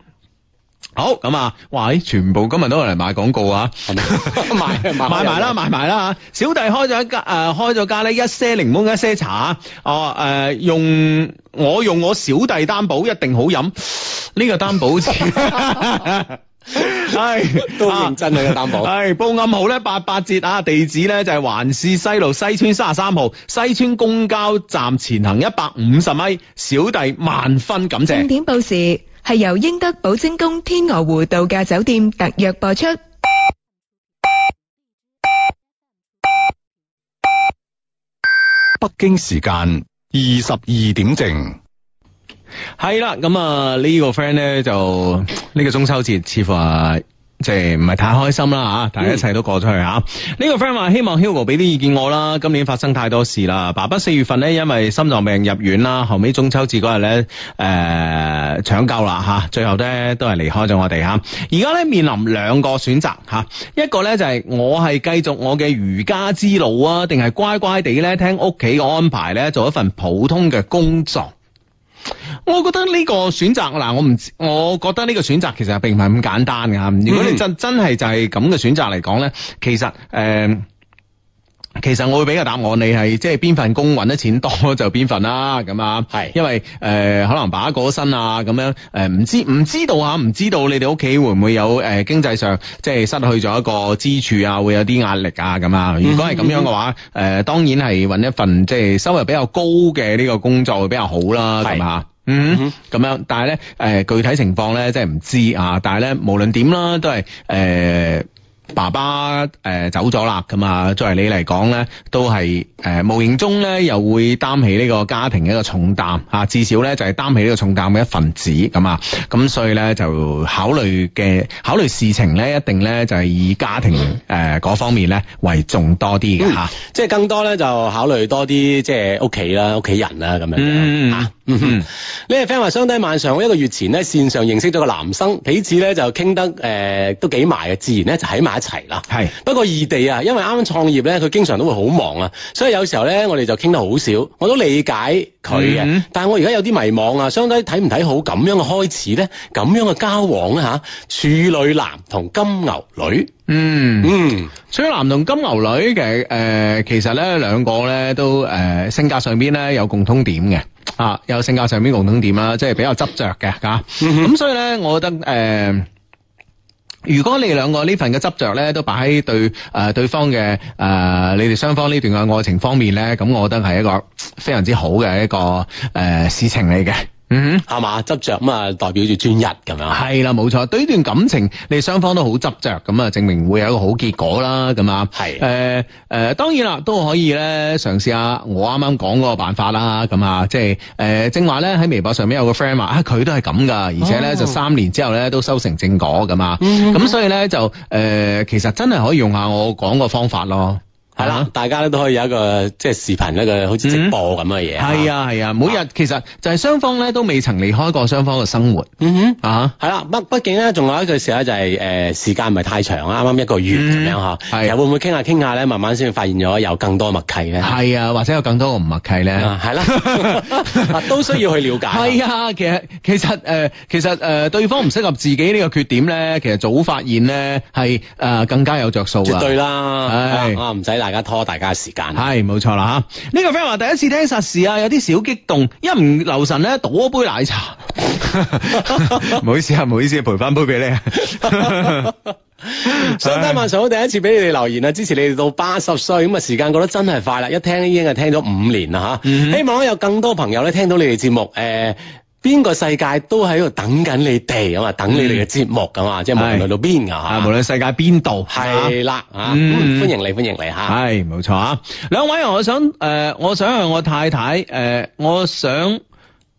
好咁啊！喂，全部今日都嚟買廣告啊！係咪？ 買，買，買買買埋啦，買埋啦吓！小弟開咗一間誒、呃，開咗咖喱一些檸檬一些茶哦誒、啊呃，用我用我小弟擔保一定好飲。呢、這個擔保詞、 哎，係都認真你嘅擔保、啊。係、哎、報暗號咧，八八折啊！地址咧就係環市西路西村三十三號，西村公交站前行一百五十米。小弟萬分感謝。點報時。係由英德寶晶宮天鵝湖度假酒店特約播出。北京時間二十二點正。係啦，咁 啊呢個 friend 咧就呢個中秋節，似乎係。即係唔係太開心啦吓，但係一切都過咗去吓。呢、嗯、個 friend 話希望 Hugo 俾啲意見我啦。今年發生太多事啦，爸爸四月份呢因為心臟病入院啦，後尾中秋節嗰日呢誒搶、呃、救啦吓，最後呢都係離開咗我哋吓。而家呢，面臨兩個選擇吓，一個呢就係、是、我係繼續我嘅瑜伽之路啊，定係乖乖地呢聽屋企嘅安排呢，做一份普通嘅工作。我覺得呢個選擇嗱，我唔，我覺得呢個選擇其實並唔係咁簡單嘅。如果你真、嗯、真係就係咁嘅選擇嚟講呢，其實誒、呃，其實我會俾個答案你係，即係邊份工揾得錢多就邊份啦咁啊。係、啊，是因為誒、呃、可能把過身啊咁樣誒，唔知唔知道嚇，唔知、啊、知道你哋屋企會唔會有誒、呃、經濟上即係失去咗一個支柱啊，會有啲壓力啊咁啊。如果係咁樣嘅話，誒、嗯嗯呃、當然係揾一份即係收入比較高嘅呢個工作會比較好啦、啊，係嘛、啊？是嗯，咁樣，但係咧，誒、呃，具體情況咧，即係唔知啊。但係咧，無論點啦，都係，誒、呃。爸爸誒、呃、走咗啦，咁啊，作為你嚟講咧，都係誒、呃、無形中咧，又會擔起呢個家庭嘅一個重擔吓、啊，至少咧就係、是、擔起呢個重擔嘅一份子咁啊，咁、啊、所以咧就考慮嘅考慮事情咧，一定咧就係、是、以家庭誒嗰、呃、方面咧為重多啲嘅吓，即係更多咧、啊嗯就是、就考慮多啲即係屋企啦、屋企人啦咁樣嚇、嗯，嗯哼，呢個 friend 話相睇晚上一個月前咧線上認識咗個男生，彼此咧就傾得誒、呃、都幾埋嘅，自然咧就喺埋。齊啦，係是。不過異地啊，因為啱啱創業咧，佢經常都會好忙啊，所以有時候咧，我哋就傾得好少。我都理解佢嘅，嗯、但係我而家有啲迷茫啊，相對睇唔睇好咁樣嘅開始咧，咁樣嘅交往咧、啊，吓處女男同金牛女，嗯嗯，處女、嗯、男同金牛女嘅誒、呃，其實咧兩個咧都誒、呃、性格上邊咧有共通點嘅啊，有性格上邊共通點啊，即係比較執着嘅，吓咁所以咧，我覺得誒。呃如果你兩個呢份嘅執着咧，都擺喺對誒、呃、對方嘅誒、呃、你哋雙方呢段嘅愛情方面咧，咁我覺得係一個非常之好嘅一個誒、呃、事情嚟嘅。嗯哼，係嘛執着咁啊，代表住專一咁樣。係啦，冇錯，對呢段感情，你雙方都好執着咁啊，證明會有一個好結果啦。咁啊，係誒誒，當然啦，都可以咧嘗試下我啱啱講嗰個辦法啦。咁啊，即係誒、呃、正話咧喺微博上面有個 friend 話啊，佢都係咁噶，而且咧、哦、就三年之後咧都修成正果咁啊。咁、嗯哼，所以咧就誒、呃，其實真係可以用下我講個方法咯。係啦，大家咧都可以有一個即係視頻一個好似直播咁嘅嘢。係啊係啊，每日其實就係雙方咧都未曾離開過雙方嘅生活。嗯哼，啊，係啦，不畢竟咧仲有一句嘢就係誒時間唔係太長，啱啱一個月咁樣嗬。係，會唔會傾下傾下咧，慢慢先發現咗有更多默契咧？係啊，或者有更多嘅唔默契咧？係啦，都需要去了解。係啊，其實其實誒其實誒對方唔適合自己呢個缺點咧，其實早發現咧係誒更加有着數。絕對啦，唔使。大家拖大家嘅時間，係冇錯啦嚇。呢個 friend 話第一次聽實事啊，有啲小激動，一唔留神咧倒一杯奶茶。唔 好意思啊，唔好意思，賠翻杯俾你啊。 上單晚上好第一次俾你哋留言啊，支持你哋到八十歲咁啊。時間過得真係快啦，一聽已經係聽咗五年啦嚇。嗯、哼希望咧有更多朋友咧聽到你哋節目誒。呃邊個世界都喺度等緊你哋咁啊，等你哋嘅節目咁是啊，即係無論到邊噶吓，無論世界邊度係啦吓，歡迎你，嗯、歡迎你。吓，係冇錯啊！兩、啊、位，我想誒、呃，我想向我太太誒、呃，我想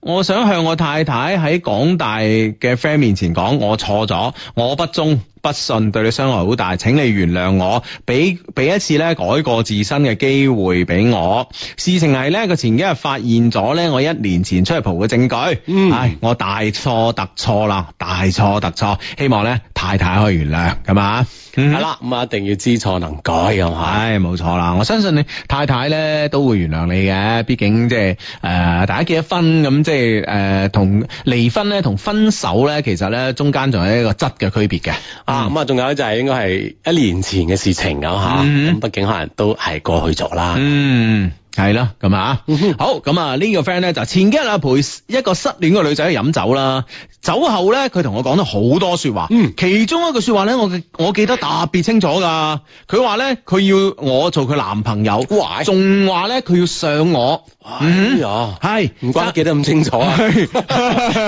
我想向我太太喺港大嘅 friend 面前講，我錯咗，我不忠。不信對你傷害好大，請你原諒我，俾俾一次咧改過自新嘅機會俾我。事情係咧，佢前幾日發現咗咧，我一年前出去蒲嘅證據。嗯，唉，我大錯特錯啦，大錯特錯。希望咧太太可以原諒，咁啊，係啦，咁啊，一定要知錯能改，啊。唉，冇錯啦，我相信你太太咧都會原諒你嘅，畢竟即係誒大家結咗婚咁，即係誒同離婚咧同分手咧，其實咧中間仲有一個質嘅區別嘅。啊。啊，咁啊、嗯，仲有就係應該係一年前嘅事情咁吓。咁畢、嗯、竟可能都係過去咗啦。嗯。係啦，咁啊，嗯、哼好咁啊，這這個呢個 friend 咧就前幾日啊陪一個失戀嘅女仔去飲酒啦，酒後咧佢同我講咗好多說話，嗯，其中一句說話咧我我記得特別清楚噶，佢話咧佢要我做佢男朋友，仲話咧佢要上我，哎、呀嗯，係唔怪記得咁清楚，啊。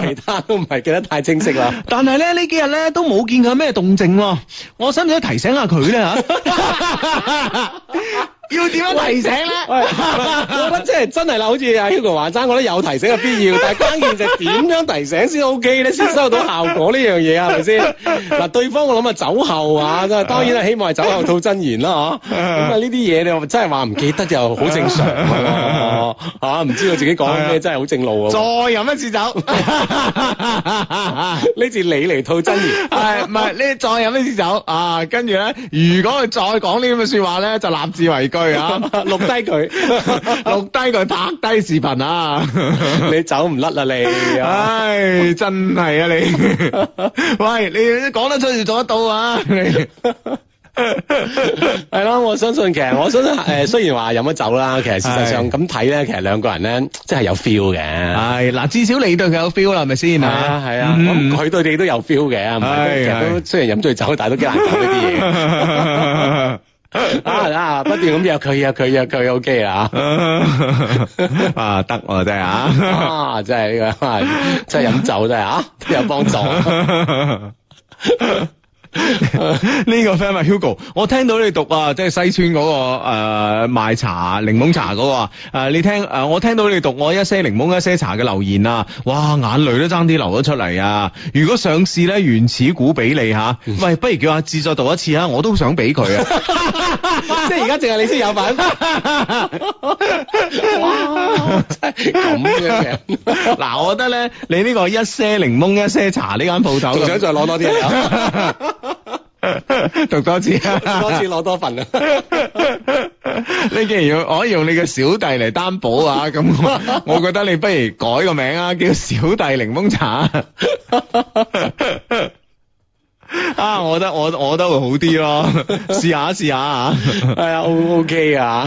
其他都唔係記得太清晰啦， 但係咧呢幾日咧都冇見佢有咩動靜、啊，我想唔想提醒下佢咧吓？ 要點樣提醒咧喂？ 我覺得即係真係啦，好似阿 Hugo 話齋，我覺得有提醒嘅必要，但係關鍵就點樣提醒先 OK 呢？先收到效果呢樣嘢係咪先？嗱、啊，對方我諗啊，酒後啊，當然啦，希望係酒後吐真言啦，嚇咁啊呢啲嘢你真係話唔記得就好正常，嚇唔、啊啊啊啊、知道自己講咩、啊、真係好正路喎。再飲一次酒，呢、 啊、次你嚟吐真言，係唔係？你再飲一次酒啊，跟住咧，如果佢再講呢咁嘅説話咧，就立字為啊， 錄低佢，錄低佢拍低視頻啊！你走唔甩啦你，唉，真係啊你、啊，喂，你講得出就做得到啊！你！係咯，我相信其實，我相信誒，雖然話飲咗酒啦，其實事實上咁睇咧，其實兩個人咧真係有 feel 嘅、哎。係嗱，至少你對佢有 feel 啦，係咪先啊？係、哎、啊，佢、嗯嗯、對你都有 feel 嘅。係都，雖然飲咗醉酒，但係都幾難講呢啲嘢。啊 啊！不斷咁約佢約佢約佢，OK 啊。啊得我真係啊，真啊真係呢個，真係飲酒真係啊，都有幫助。 呢個 friend 咪 Hugo，我聽到你讀啊，即係西村嗰、那個誒賣、呃、茶檸檬茶嗰、那個、呃、你聽誒、呃，我聽到你讀我一些檸檬一些茶嘅留言啊，哇，眼淚都爭啲流咗出嚟啊！如果上市咧原始股俾你吓，唔、啊、係，不如叫阿志再讀一次啊！我都想俾佢啊， 即係而家淨係你先有辦法 哇！咁嗱， 我覺得咧，你呢、這個一些檸檬一些茶呢間鋪頭，仲想再攞多啲 讀多次啊，多次攞多份啊！你既然用，可以用你嘅小弟嚟擔保啊！咁我我覺得你不如改個名啊，叫小弟檸檬茶啊！我覺得我我都會好啲咯，試下試下啊，哎呀，O K 啊！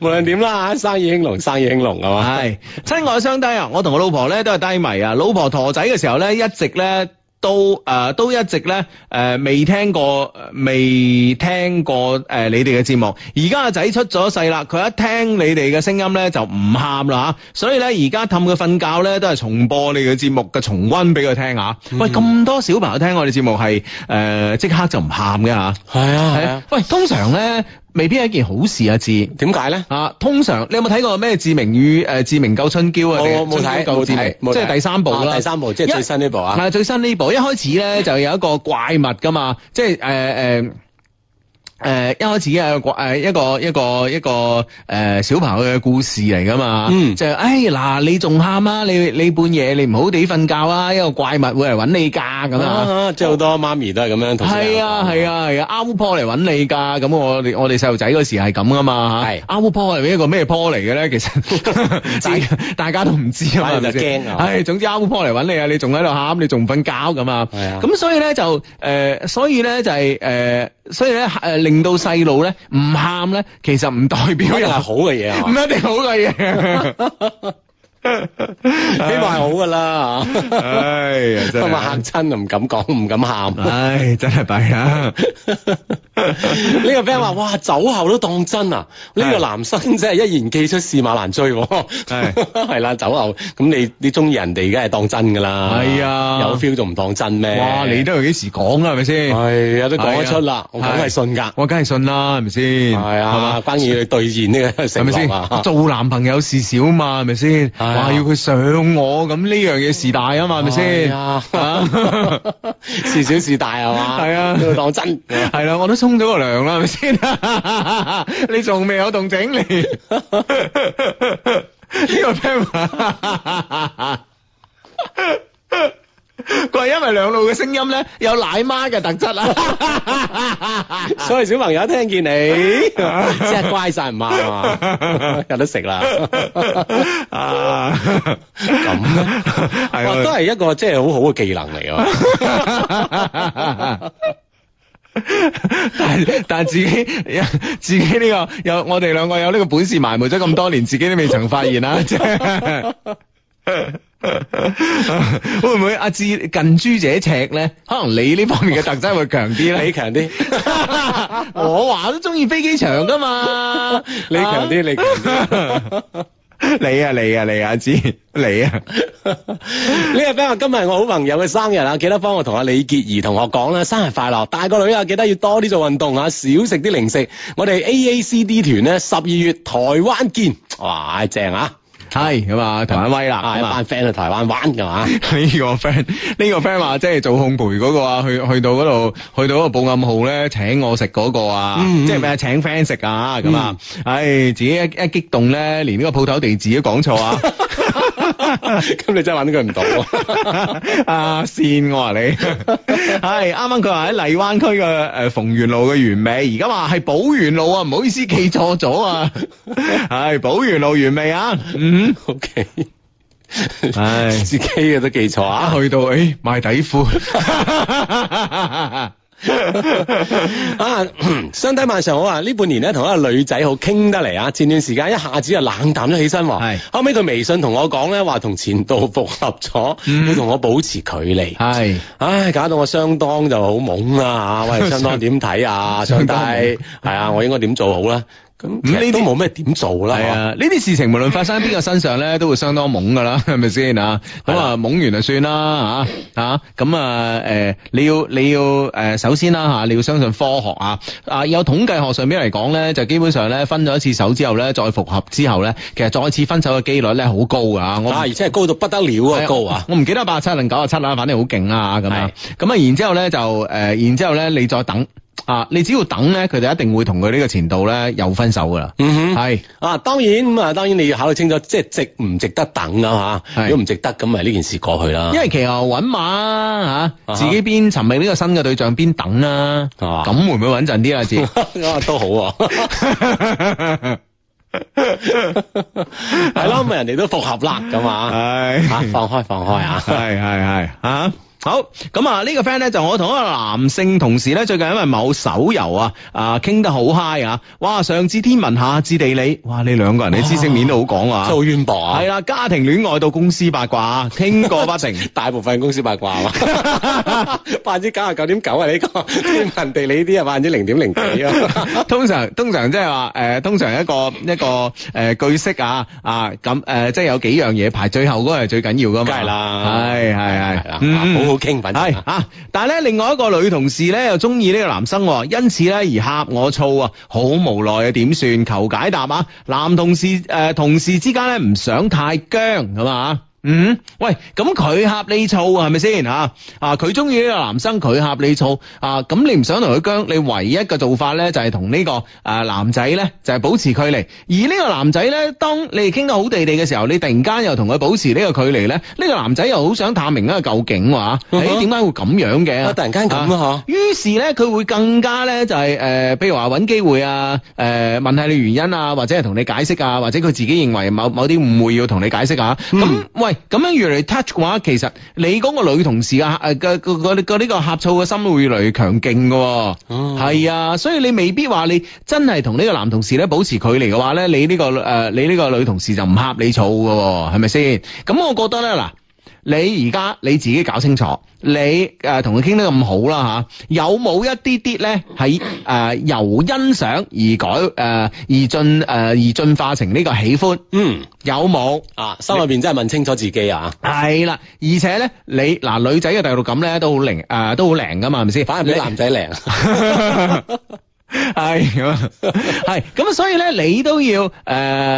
無論點啦，吓生意興隆，生意興隆啊嘛？係，親愛相低啊，我同我老婆咧都係低迷啊，老婆陀仔嘅時候咧，一直咧。都誒，都一直咧誒，未聽過未聽過誒、呃、你哋嘅節目，而家阿仔出咗世啦，佢一聽你哋嘅聲音咧就唔喊啦，所以咧而家氹佢瞓覺咧都係重播你嘅節目嘅重溫俾佢聽嚇。啊嗯、喂，咁多小朋友聽我哋節目係誒即刻就唔喊嘅嚇。係啊係啊，啊啊喂，通常咧。未必係一件好事啊！字點解咧？吓、啊，通常你有冇睇過咩《志明與誒志明救春嬌》啊？我冇睇，過志明？嬌即係第三部啦、啊。第三部，即係最新呢部啊！係、啊、最新呢部，一開始咧就有一個怪物噶嘛，即係誒誒。呃呃誒一開始啊，誒一個一個一個誒小朋友嘅故事嚟㗎嘛，嗯，就誒嗱你仲喊啊，你你半夜你唔好地瞓覺啊，一個怪物會嚟揾你㗎咁啊，即係好多媽咪都係咁樣同你講，係啊係啊係啊，阿烏婆嚟揾你㗎，咁我哋我哋細路仔嗰時係咁㗎嘛嚇，阿烏婆係一個咩婆嚟嘅咧？其實，大家都唔知啊，係咪先？係啊，總之阿烏婆嚟揾你啊，你仲喺度喊，你仲唔瞓覺咁啊？係啊，咁所以咧就誒，所以咧就係誒，所以咧誒令。令到細路咧唔喊咧，其實唔代表係好嘅嘢啊，唔 一定好嘅嘢。 希望係好噶啦，唉，呀真係吓親，唔敢講，唔敢喊，唉，真係弊啊。呢個 friend 話：哇，酒後都當真啊！呢個男生真係一言既出，駟馬難追。係係啦，酒後咁你你中意人哋，梗係當真噶啦係啊，有 feel 仲唔當真咩？哇，你都係幾時講啦？係咪先？係啊，都講得出啦，我梗係信噶，我梗係信啦，係咪先？係啊，嘛，關鍵去兌現呢個承諾，係咪先？做男朋友事少嘛，係咪先？哇！要佢上我咁呢樣嘢事大啊嘛，係咪先？啊，事小事大係嘛？係啊，要當真。係啦、啊，我都沖咗個涼啦，係咪先？ 你仲未有動靜你？呢個 t h 佢係因為兩路嘅聲音咧有奶媽嘅特質啊， 所以小朋友聽見你真係 乖晒唔嘛，有得食啦，啊咁啊，都係一個即係、就是、好好嘅技能嚟㗎， 但但自己自己呢、這個有我哋兩個有呢個本事埋沒咗咁多年， 自己都未曾發現啦、啊，即係。 會唔會阿志近朱者赤咧？可能你呢方面嘅特質會強啲咧， 你強啲一。 我話都中意飛機場噶嘛， 你強啲， 你強啲？ 你啊你啊你阿志，你啊。呢日咧，啊 G 你啊、 今日係我好朋友嘅生日啊！記得幫我同阿李潔儀同學講啦，生日快樂！大個女啊，記得要多啲做運動啊，少食啲零食。我哋 A A C D 團咧，十二月台灣見。哇，正啊！係咁啊，台灣威啦啊，吧一班 friend 去台灣玩噶嘛？呢 個 friend 呢、呢個 friend 話，即係做烘焙嗰個啊，去去到嗰度，去到嗰個報暗號咧，請我食嗰個啊，即係咩啊？請 friend 食啊咁啊！唉、哎，自己一一激動咧，連呢個鋪頭地址都講錯啊！咁 你真係揾佢唔到啊！線、 啊、我話你，係啱啱佢話喺荔灣區嘅誒、呃呃、逢源路嘅原味，而家話係寶源路啊！唔好意思記錯咗啊！係寶源路原味啊！o k 唉，Okay. 自己嘅都記錯、欸、 啊！去到，哎，賣底褲啊！兄弟晚上好啊！呢半年咧，同一個女仔好傾得嚟啊！前段時間一下子又冷淡咗起身，係是後尾佢微信同我講咧，話同前度復合咗，佢同、嗯、我保持距離，係唉是、哎，搞到我相當就好懵啊！喂，相當點睇啊？兄弟 夢，係啊，我應該點做好咧？咁呢啲都冇咩點做啦，係啊？呢啲事情無論發生喺邊個身上咧，都會相當懵噶啦，係咪先啊？咁啊懵完就算啦吓啊！咁啊誒，你要你要誒，首先啦吓，你要相信科學啊！啊，有統計學上邊嚟講咧，就基本上咧分咗一次手之後咧，再復合之後咧，其實再一次分手嘅機率咧好高啊！我而且係高到不得了啊，高啊！我唔記得八七零九啊七啦，反正好勁啊咁啊！咁啊，然之後咧就誒，然之後咧你再等。啊！你只要等咧，佢哋一定會同佢呢個前度咧有分手噶啦。嗯哼，係啊，當然咁啊，médico, 當然你要考慮清楚，即係值唔值得等啊？吓、哎，如果唔值得咁咪呢件事過去啦。因為騎牛搵馬吓自己邊尋覓呢個新嘅對象邊等啦。哦，咁會唔會穩陣啲啊？字都好，係咯，嗯，咁人哋都複合啦，咁啊，係放開放開啊，係係係啊。好咁啊！呢個 friend 咧就是，我同一個男性同事咧最近因為某手遊啊啊，傾得好嗨啊！哇，上知天文下知地理，哇！你兩個人嘅知識面都好廣啊，真係淵博啊！係啦，嗯啊，家庭戀愛到公司八卦，傾個不停 大部分公司八卦百分之九十九點九啊呢，這個天文地理啲啊百分之零點零幾啊。通常通常即係話，誒，通常一個一個誒巨，呃、識啊啊，咁誒，即係有幾樣嘢排最後嗰個係最緊要噶嘛？梗係啦，係係係啊，好。好興奮係啊！但係咧，另外一個女同事咧又中意呢個男生、啊，因此咧而呷我醋啊，好無奈啊，點算？求解答啊！男同事誒、呃，同事之間咧唔想太僵咁、嗯、啊？嗯，喂，咁佢呷你醋係咪先吓？啊，佢中意呢個男生，佢呷你醋啊，咁你唔想同佢僵，你唯一嘅做法咧就係、是、同、這個啊、呢個誒男仔咧就係、是、保持距離。而呢個男仔咧，當你哋傾得好地地嘅時候，你突然間又同佢保持呢個距離咧，呢、這個男仔又好想探明一個究竟話，誒點解會咁樣嘅、啊？突然間咁啊吓，於、啊、是咧佢會更加咧就係、是、誒，譬、呃、如話搵機會啊，誒、呃、問下你原因啊，或者係同你解釋啊，或者佢自己認為某某啲誤會要同你解釋啊。咁喂。咁樣越嚟 touch 嘅話，其實你嗰個女同事啊，誒、呃，個個個呢個呷醋嘅心會越嚟越強勁嘅，係、oh. 啊，所以你未必話你真係同呢個男同事咧保持距離嘅話咧，你呢、這個誒、呃，你呢個女同事就唔呷你醋嘅，係咪先？咁、嗯嗯、我覺得咧，嗱。你而家你自己搞清楚，你誒同佢傾得咁好啦嚇、啊，有冇一啲啲咧係誒由欣賞而改誒、呃、而進誒而、呃、進化成呢個喜歡？嗯，有冇啊？心裏邊真係問清楚自己啊！係啦，而且咧你嗱、呃、女仔嘅第六感咧都好靈誒，都好靈噶、呃、嘛係咪先？反而比男仔靈、啊。 係咁，係咁、 哎、哈 所以咧、呃，你都要誒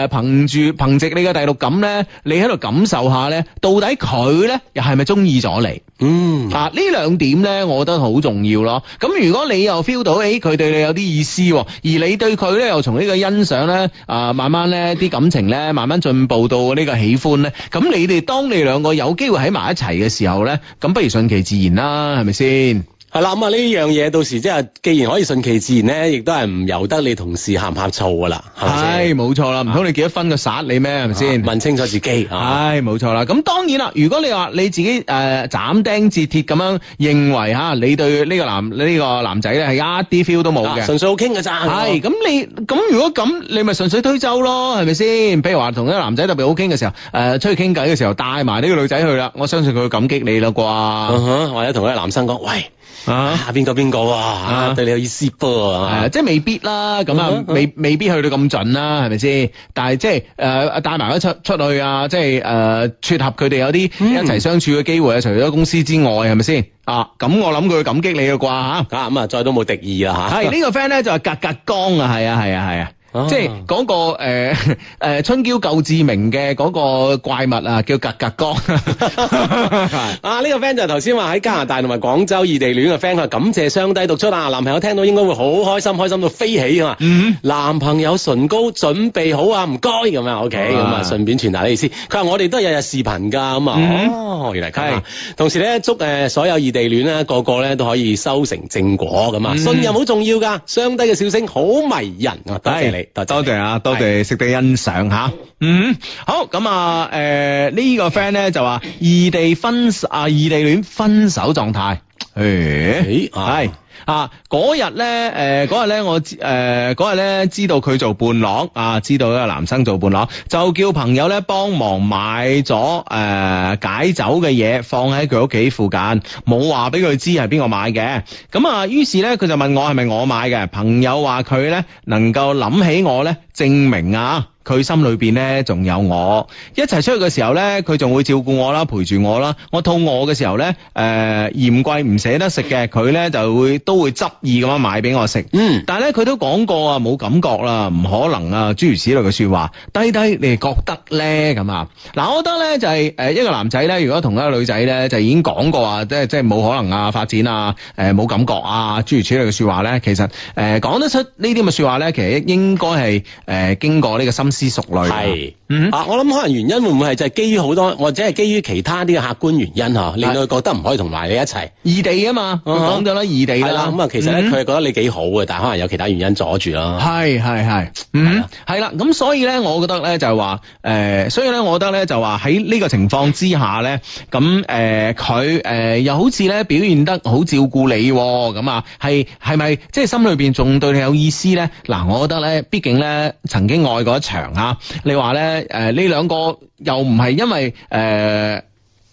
憑住憑藉你嘅第六感咧，你喺度感受下咧，到底佢咧又係咪中意咗你？嗯、啊，啊呢兩點咧，我覺得好重要咯。咁如果你又 feel 到，誒、欸、佢對你有啲意思，而你對佢咧又從呢個欣賞咧，啊、呃、慢慢咧啲感情咧，慢慢進步到呢個喜歡咧，咁你哋當你兩個有機會喺埋一齊嘅時候咧，咁不如順其自然啦，係咪先？係啦，咁啊呢樣嘢到時即係，既然可以順其自然咧，亦都係唔由得你同事呷唔呷醋噶啦，係咪先？係冇錯啦，唔通你結多分幾多分個殺你咩？係咪先？問清楚自己。係、啊，冇錯啦。咁當然啦，如果你話你自己誒斬釘截鐵咁樣認為吓，你對呢個男呢、呢個男仔咧係一啲 feel 都冇嘅，純、啊、粹好傾嘅咋？係是，咁好你咁如果咁，你咪純粹推舟咯，係咪先？譬如話同一個男仔特別好傾嘅時候，誒、呃、出去傾偈嘅時候帶埋呢個女仔去啦，我相信佢會感激你啦啩、啊。或者同一個男生講，喂。啊，下邊個邊個啊？對你有意思噃，係啊，即係未必啦，咁啊，未、啊、未必去到咁準啦，係咪先？但係即係誒，帶埋佢出出去啊，即係誒、呃，撮合佢哋有啲一齊相處嘅機會啊，嗯、除咗公司之外，係咪先？啊，咁我諗佢感激你嘅啩吓，啊，咁、這個、啊，再都冇敵意啦吓。係呢個 friend 咧就係格格剛啊，係啊，係啊，係啊。即係講、那個誒、呃、春嬌救志明嘅嗰個怪物啊，叫格格哥啊！呢、這個 friend 就頭先話喺加拿大同埋廣州異地戀嘅 friend，佢話感謝雙低讀出啊！男朋友聽到應該會好開心，開心到飛起啊！嗯，男朋友唇膏準備好啊，唔該咁樣 OK，咁啊 順便傳達你意思。佢話我哋都係日日視頻㗎，咁啊、 哦、原來係。嗎同時咧，祝誒、呃、所有異地戀啊，個個咧都可以收成正果咁啊！ 信任好重要㗎，雙低嘅笑聲好迷人啊！多謝你。 多謝啊，多謝識得的欣賞吓，嗯，好，咁啊，誒、呃，這個、呢個 friend 咧就話異地分啊，異地戀分手狀態，誒，係、欸。啊啊！嗰日呢，誒、呃，嗰日呢，我誒，呃、嗰日呢，知道佢做伴郎啊，知道一個男生做伴郎，就叫朋友呢幫忙買咗誒、呃、解酒嘅嘢，放喺佢屋企附近，冇話俾佢知係邊個買嘅。咁啊，於是呢，佢就問我係咪我買嘅？朋友話佢呢能夠諗起我呢，證明啊。佢心裏邊咧仲有我，一齊出去嘅時候咧，佢仲會照顧我啦，陪住我啦。我肚餓嘅時候咧，誒、呃，嫌貴唔捨得食嘅，佢咧就會都會執意咁樣買俾我食。嗯。但係咧，佢都講過啊，冇感覺啦，唔可能啊，諸如此類嘅說話。低低，你哋覺得咧咁啊？嗱，我覺得咧就係、是、誒、呃，一個男仔咧，如果同一個女仔咧，就已經講過啊，即係即係冇可能啊，發展啊，誒、呃，冇感覺啊，諸如此類嘅說話咧，其實誒，講、呃、得出呢啲咁嘅說話咧，其實應該係誒，經過呢個心思熟慮係，嗯是、mm hmm. 啊，我諗可能原因會唔會係就係基於好多，或者係基於其他啲嘅客觀原因嗬，啊、是令到佢覺得唔可以同埋你一齊異地啊嘛，講咗啦，異地係啦，咁啊，其實咧佢係覺得你幾好嘅，但係可能有其他原因阻住咯。係係係，嗯係啦，咁、mm hmm. 所以咧，我覺得咧就係話誒，所以咧，我覺得咧就話喺呢個情況之下咧，咁誒佢誒又好似咧表現得好照顧你咁啊，係係咪即係心裏邊仲對你有意思咧？嗱、啊，我覺得咧，畢竟咧曾經愛過一場。吓，你話咧，誒、呃，呢兩個又唔係因為誒。呃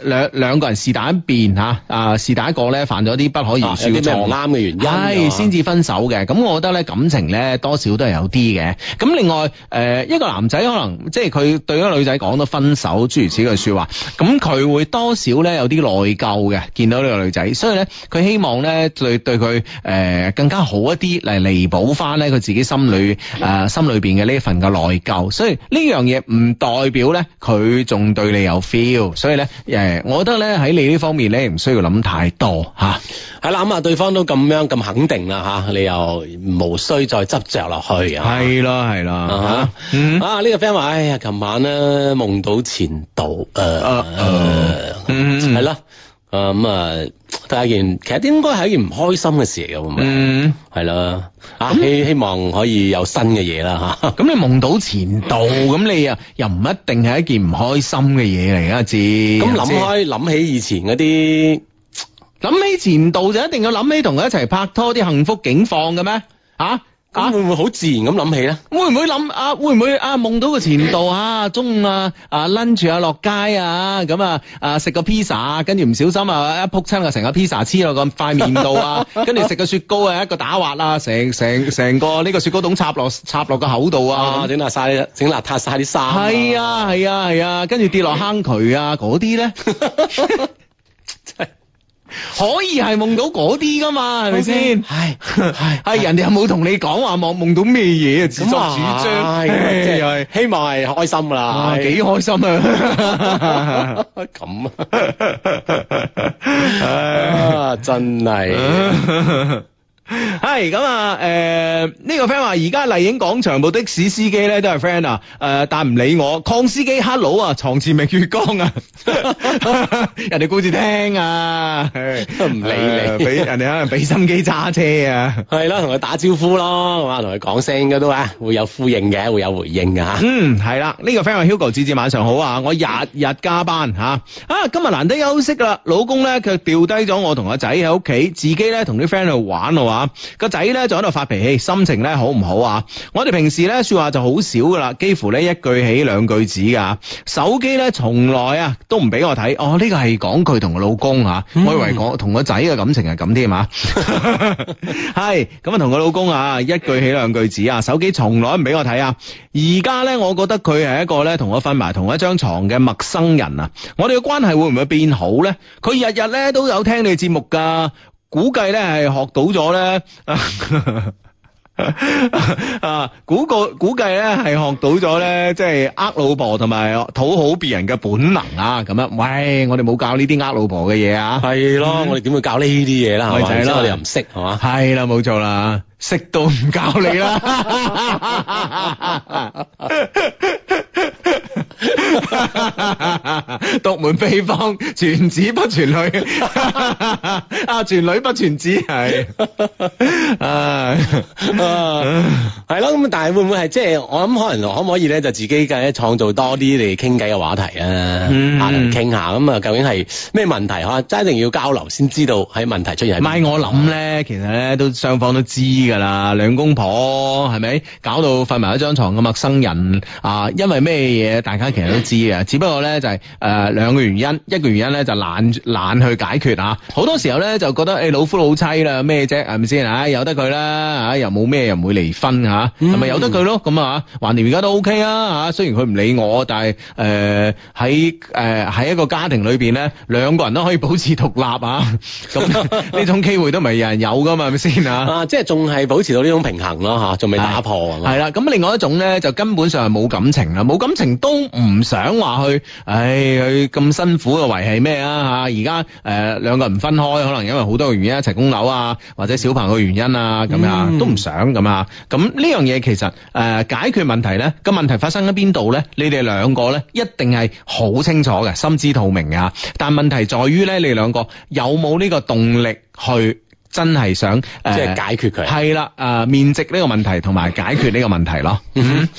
兩兩個人是但一邊吓，啊是但一個咧犯咗啲不可言說，有啲咩唔啱嘅原因，係先至分手嘅。咁、嗯、我覺得咧感情咧多少都係有啲嘅。咁另外誒、呃、一個男仔可能即係佢對一個女仔講咗分手諸如此類嘅說話，咁佢會多少咧有啲內疚嘅。見到呢個女仔，所以咧佢希望咧對對佢誒、呃、更加好一啲嚟彌補翻咧佢自己心裏誒、嗯呃、心裏邊嘅呢一份嘅內疚。所以呢樣嘢唔代表咧佢仲對你有 feel。所以咧誒。嗯嗯我覺得咧喺你呢方面咧唔需要諗太多吓，係啦，咁啊對方都咁樣咁肯定啦吓，你又無需再執着落去，係咯係咯吓，啊呢個 friend 話，哎呀，琴晚咧夢到前度，誒誒係咯。啊咁啊，第一件，其實應該係一件唔開心嘅事嚟噶，係咪？嗯，係啦。啊，希、嗯、希望可以有新嘅嘢啦，吓、嗯。咁你夢到前度，咁你啊，又唔一定係一件唔開心嘅嘢嚟，而家知。咁諗開諗起以前嗰啲，諗起前度就一定要諗起同佢一齊拍拖啲幸福境況嘅咩？吓、啊？咁、啊、會唔會好自然咁諗起咧？會唔會諗啊？會唔會？啊，會，會啊？夢到個前度啊，中午啊啊 lunch 啊落街啊，咁啊啊食個 pizza，跟住唔小心啊一撲親啊，成個 pizza 黐落個塊面度啊，跟住食個雪糕啊，一個打滑啊，成成成個呢個雪糕筒插落插落個口度啊，整邋曬整邋遢晒啲衫。係啊係啊係啊，啊，啊，啊，啊，跟住跌落坑渠啊，嗰啲咧。 可以係夢到嗰啲噶嘛，係咪先？係係 人哋有冇同你講話夢夢到咩嘢啊？自作主張，即係希望係開心噶啦，幾、哎、開心啊！咁 樣啊， 啊，真係、啊。係咁啊！誒呢、嗯嗯這個 friend 話：而家麗影廣場部的，的士司機咧都係 friend 啊！誒、嗯，但唔理我，礦司機 hello 啊，床前明月光啊！ 人哋顧住聽啊，都唔理你，俾、呃嗯、人哋可能俾心機揸車啊！係啦， 同佢打招呼咯，咁啊，同佢講聲應該都啊，會有呼應嘅，會有回應嘅嚇、啊嗯。嗯，係啦，呢、這個 friend Hugo 姊姊晚上好啊！我日日加班嚇，啊今日難得休息啦，老公咧卻掉低咗我同阿仔喺屋企，自己咧同啲 friend 去玩啊。話。個仔呢就喺度發脾氣，心情呢好唔好啊？我哋平時呢說話就好少噶啦，幾乎呢一句起兩句止噶。手機呢從來啊都唔俾我睇。哦，呢個係講佢同佢老公啊。嗯、我以為講同個仔嘅感情係咁添啊。係咁啊，同佢老公啊一句起兩句止啊，手機從來唔俾我睇啊。而家呢，我覺得佢係一個呢同我瞓埋同一張床嘅陌生人啊。我哋嘅關係會唔會變好呢？佢日日呢都有聽你節目噶。估計咧係學到咗咧 啊，估計估計咧係學到咗咧，即係呃老婆同埋討好別人嘅本能啊，咁樣喂，我哋冇教呢啲呃老婆嘅嘢啊，係咯，我哋點會教呢啲嘢啦，係咪、嗯？係咯、啊，我哋又唔識係嘛，係啦，冇錯吧啦。吧識到唔教你啦！獨 門秘方，傳子不傳女， 啊傳女不傳子係 啊啊係咯，咁但係會唔會係即係我諗可能可唔可以咧就自己嘅創造多啲你傾偈嘅話題啊，啊傾、嗯、下咁啊，究竟係咩問題吓？真一定要交流先知道喺問題出現。唔係我諗咧，其實咧都雙方都知噶啦，兩公婆係咪搞到瞓埋一張床嘅陌生人啊？因為咩嘢？大家其實都知嘅，只不過咧就係誒兩個原因，一個原因咧就懶懶去解決啊。好多時候咧就覺得誒老夫老妻啦咩啫，係咪先吓？由得佢啦，吓又冇咩又唔會離婚吓，係咪由得佢咯？咁啊，橫掂而家都 O K 啊。吓。雖然佢唔理我，但係誒喺誒喺一個家庭裏邊咧，兩個人都可以保持獨立啊。咁呢種機會都咪有人有噶嘛？係咪先啊，即係仲係。保持到呢種平衡咯嚇，仲未打破。係啦，咁另外一種咧，就根本上係冇感情啊，冇感情都唔想話去，唉，去咁辛苦嘅維繫咩啊嚇。而家誒兩個人唔分開，可能因為好多原因一齊供樓啊，或者小朋友嘅原因啊咁樣，都唔想咁啊。咁呢樣嘢其實誒解決問題咧，個問題發生喺邊度咧？你哋兩個咧一定係好清楚嘅，心知肚明啊。但問題在於咧，你哋兩個有冇呢個動力去？真係想，即係解決佢，係啦，誒，面積呢個問題同埋解決呢個問題咯。嗯哼，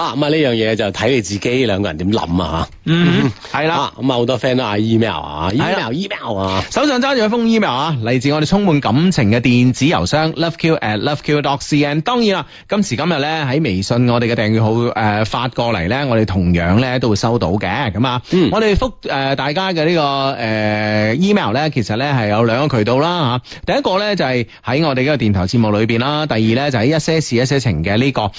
啊，咁啊呢樣嘢就睇你自己兩個人點諗啊吓。嗯，係啦，咁啊好多 friend 都嗌 email 啊，email，email 啊，啊手上揸住一封 email 啊，嚟自我哋充滿感情嘅電子郵箱 loveq@loveq.cn。當然啦，今時今日咧喺微信我哋嘅訂閱號誒、呃、發過嚟咧，我哋同樣咧都會收到嘅。咁啊，嗯，我哋復誒大家嘅、這個呃、呢個誒 email 咧，其實咧係有兩個渠道啦吓、啊。第一個咧。咧就係喺我哋呢個電台節目裏邊啦。第二呢，就係一些事一些情嘅呢個誒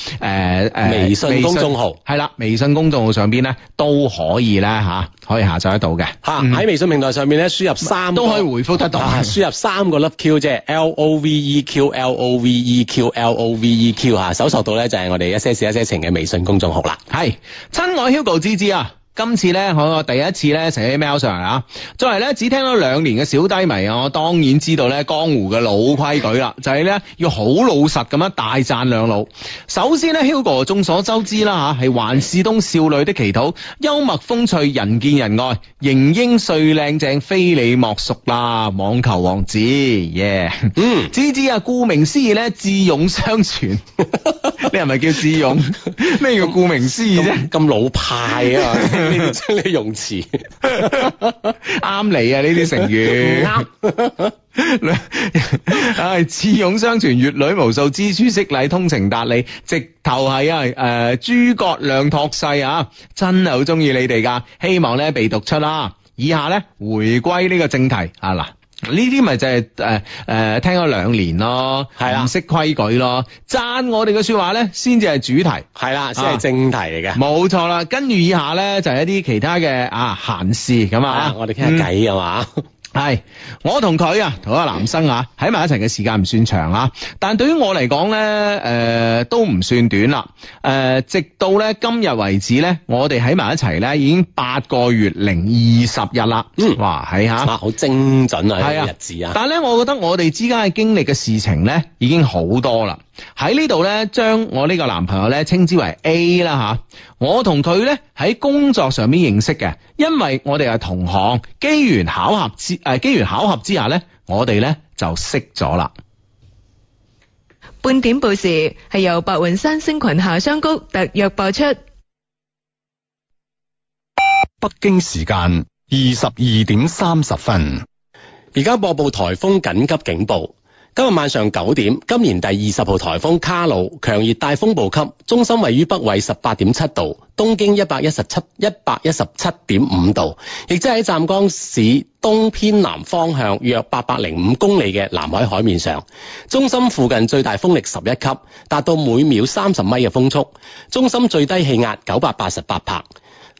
誒微信公眾號，係啦，微信公眾號上邊呢都可以咧吓，可以下載得到嘅，吓，喺微信平台上面呢，輸入三都可以回復得到。輸入三個 love q 即係 l o v e q l o v e q l o v e q 吓，搜索到呢，就係我哋一些事一些情嘅微信公眾號啦。係，親愛 Hugo 芝芝啊。今次咧，我第一次咧寫 email 上嚟啊！作為咧只聽咗兩年嘅小低迷啊，我當然知道咧江湖嘅老規矩啦，就係、是、咧要好老實咁樣大讚兩老。首先咧 ，Hugo 眾所周知啦嚇，係環志東少女的祈禱，幽默風趣，人見人愛，型英帥靚正，非你莫屬啦！網球王子耶！嗯，子子啊，顧名思義咧，智勇雙全。 你係咪叫智勇？咩 叫顧名思義啫？咁 老派啊！你用詞，啱你啊！呢啲成語，啱、 哎。唉，智勇雙全，閱女無數，知書識禮，通情達理，直頭係啊！誒、呃，諸葛亮託世啊，真係好中意你哋噶，希望咧被讀出啦。以下咧回歸呢個正題啊嗱。呢啲咪就係誒誒聽咗兩年咯，係啊，唔識規矩咯，爭我哋嘅說話咧，先至係主題，係啦，先係正題嚟嘅，啊，冇錯啦。跟住以下咧就係、是、一啲其他嘅啊閒事咁啊，我哋傾下偈啊嘛。嗯係，我同佢啊，同一個男生啊，喺埋一齊嘅時間唔算長啊，但對於我嚟講咧，誒、呃、都唔算短啦。誒、呃，直到咧今日為止咧，我哋喺埋一齊咧已經八個月零二十日啦。嗯、哇，係吓、啊，好精準啊係、嗯、啊呢啲日子啊。啊但係咧，我覺得我哋之間嘅經歷嘅事情咧，已經好多啦。喺呢度呢，將我呢個男朋友呢稱之為 A 啦吓，我同佢呢喺工作上面認識嘅，因為我哋係同行，機緣巧合之誒機緣巧合之下呢，我哋呢就識咗啦。半點報時係由白雲山星群夏桑菊特約播出。北京時間二十二點三十分，而家播報台風緊急警報。今日晚上九點，今年第二十號台風卡努強熱帶風暴級，中心位於北緯十八點七度、東經一百一十七一百一十七點五度，亦即喺湛江市東偏南方向約八百零五公里嘅南海海面上。中心附近最大風力十一級，達到每秒三十米嘅風速。中心最低氣壓九百八十八帕。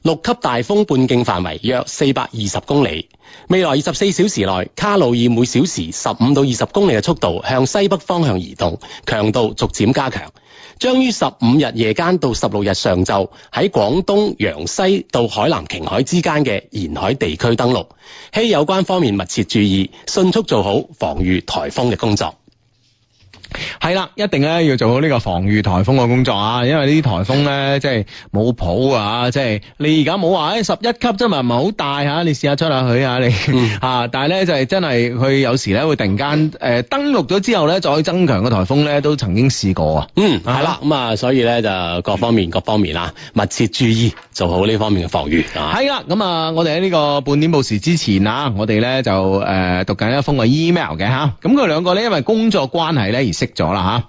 六級大風半徑範圍約四百二十公里，未來二十四小時內，卡努以每小時十五到二十公里嘅速度向西北方向移動，強度逐漸加強，將於十五日夜間到十六日上晝喺廣東陽西到海南瓊海之間嘅沿海地區登陸，希有關方面密切注意，迅速做好防禦颱風嘅工作。係啦，一定咧要做好呢個防御台風嘅工作啊！因為颱呢啲台風咧，即係冇譜啊！即係你、欸、而家冇話誒十一級啫嘛，唔係好大吓，你試下出下佢啊，你吓、啊嗯啊，但係咧就係、是、真係佢有時咧會突然間誒、呃、登陸咗之後咧再增強嘅台風咧都曾經試過啊！嗯，係啦、啊，咁了啊，所以咧就各方面， 各，方面各方面啊，密切注意，做好呢方面嘅防御啊！係啦吧，咁啊，我哋喺呢個半點報時之前啊，我哋咧就誒讀緊一封嘅 email 嘅吓，咁佢兩個咧因為工作關係咧而。識咗啦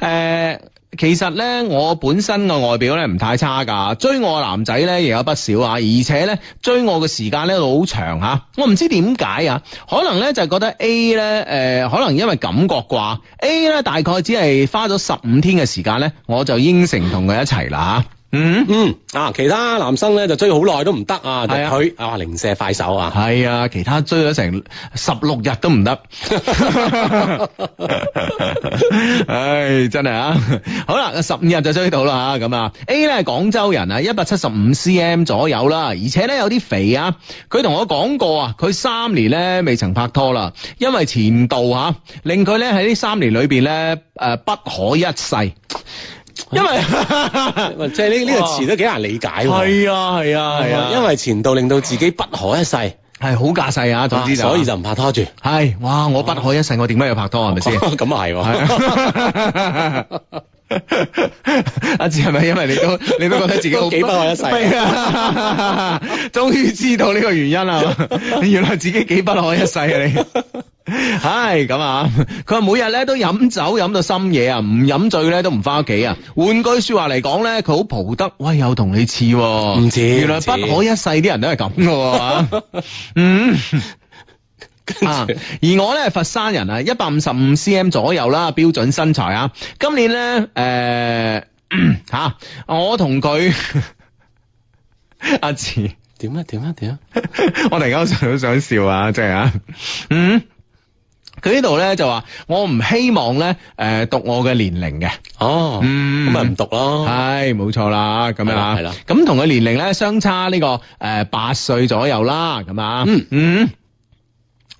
吓，誒、嗯，其實呢，我本身個外表呢唔太差噶，追我男仔呢亦有不少啊，而且呢追我嘅時間呢好長吓，我唔知點解啊，可能呢就覺得 A 呢，誒，可能因為感覺啩，A 呢大概只係花咗十五天嘅時間呢，我就應承同佢一齊啦嗯嗯啊，其他男生咧就追好耐都唔得啊，係啊，佢啊零舍快手啊，係啊，其他追咗成十六日都唔得，唉、 哎，真係啊，好啦，十五日就追到啦吓、啊，咁啊 A 咧係廣州人啊，一百七十五 cm 左右啦，而且咧有啲肥啊，佢同我講過啊，佢三年咧未曾拍拖啦，因為前度吓、啊、令佢咧喺呢三年裏邊咧誒不可一世。因為即係呢，呢個詞都幾難理解喎係啊，係啊，係啊，啊因為前度令到自己不可一世，係好架勢啊，總之、就係，所以就唔拍拖住。係哇，我不可一世，我點解要拍拖係咪先？咁哇 啊係。 阿志係咪因為你都你都覺得自己好幾不可一世？終 於 知道呢個原因啦， 原來自己幾不可一世啊！你係咁、 哎、啊？佢 話每日咧都飲酒飲到深夜啊，唔飲醉咧都唔翻屋企啊。換 句說話嚟講咧，佢好蒲得，喂，有同你似，啊？唔似像？原來不可一世啲人都係咁噶？嗯。 啊！而我咧係佛山人啊，一百五十五 cm 左右啦，標準身材啊。今年咧，誒、呃、吓，我同佢阿慈點啊？點啊？點啊？我突然間想想笑啊！即係啊，啊、 就是，嗯，佢呢度咧就話我唔希望咧誒、呃、讀我嘅年齡嘅。哦，咁咪唔讀咯。係，冇錯啦。咁樣係啦。咁同佢年齡咧相差呢、這個誒八歲左右啦。咁啊，嗯嗯。嗯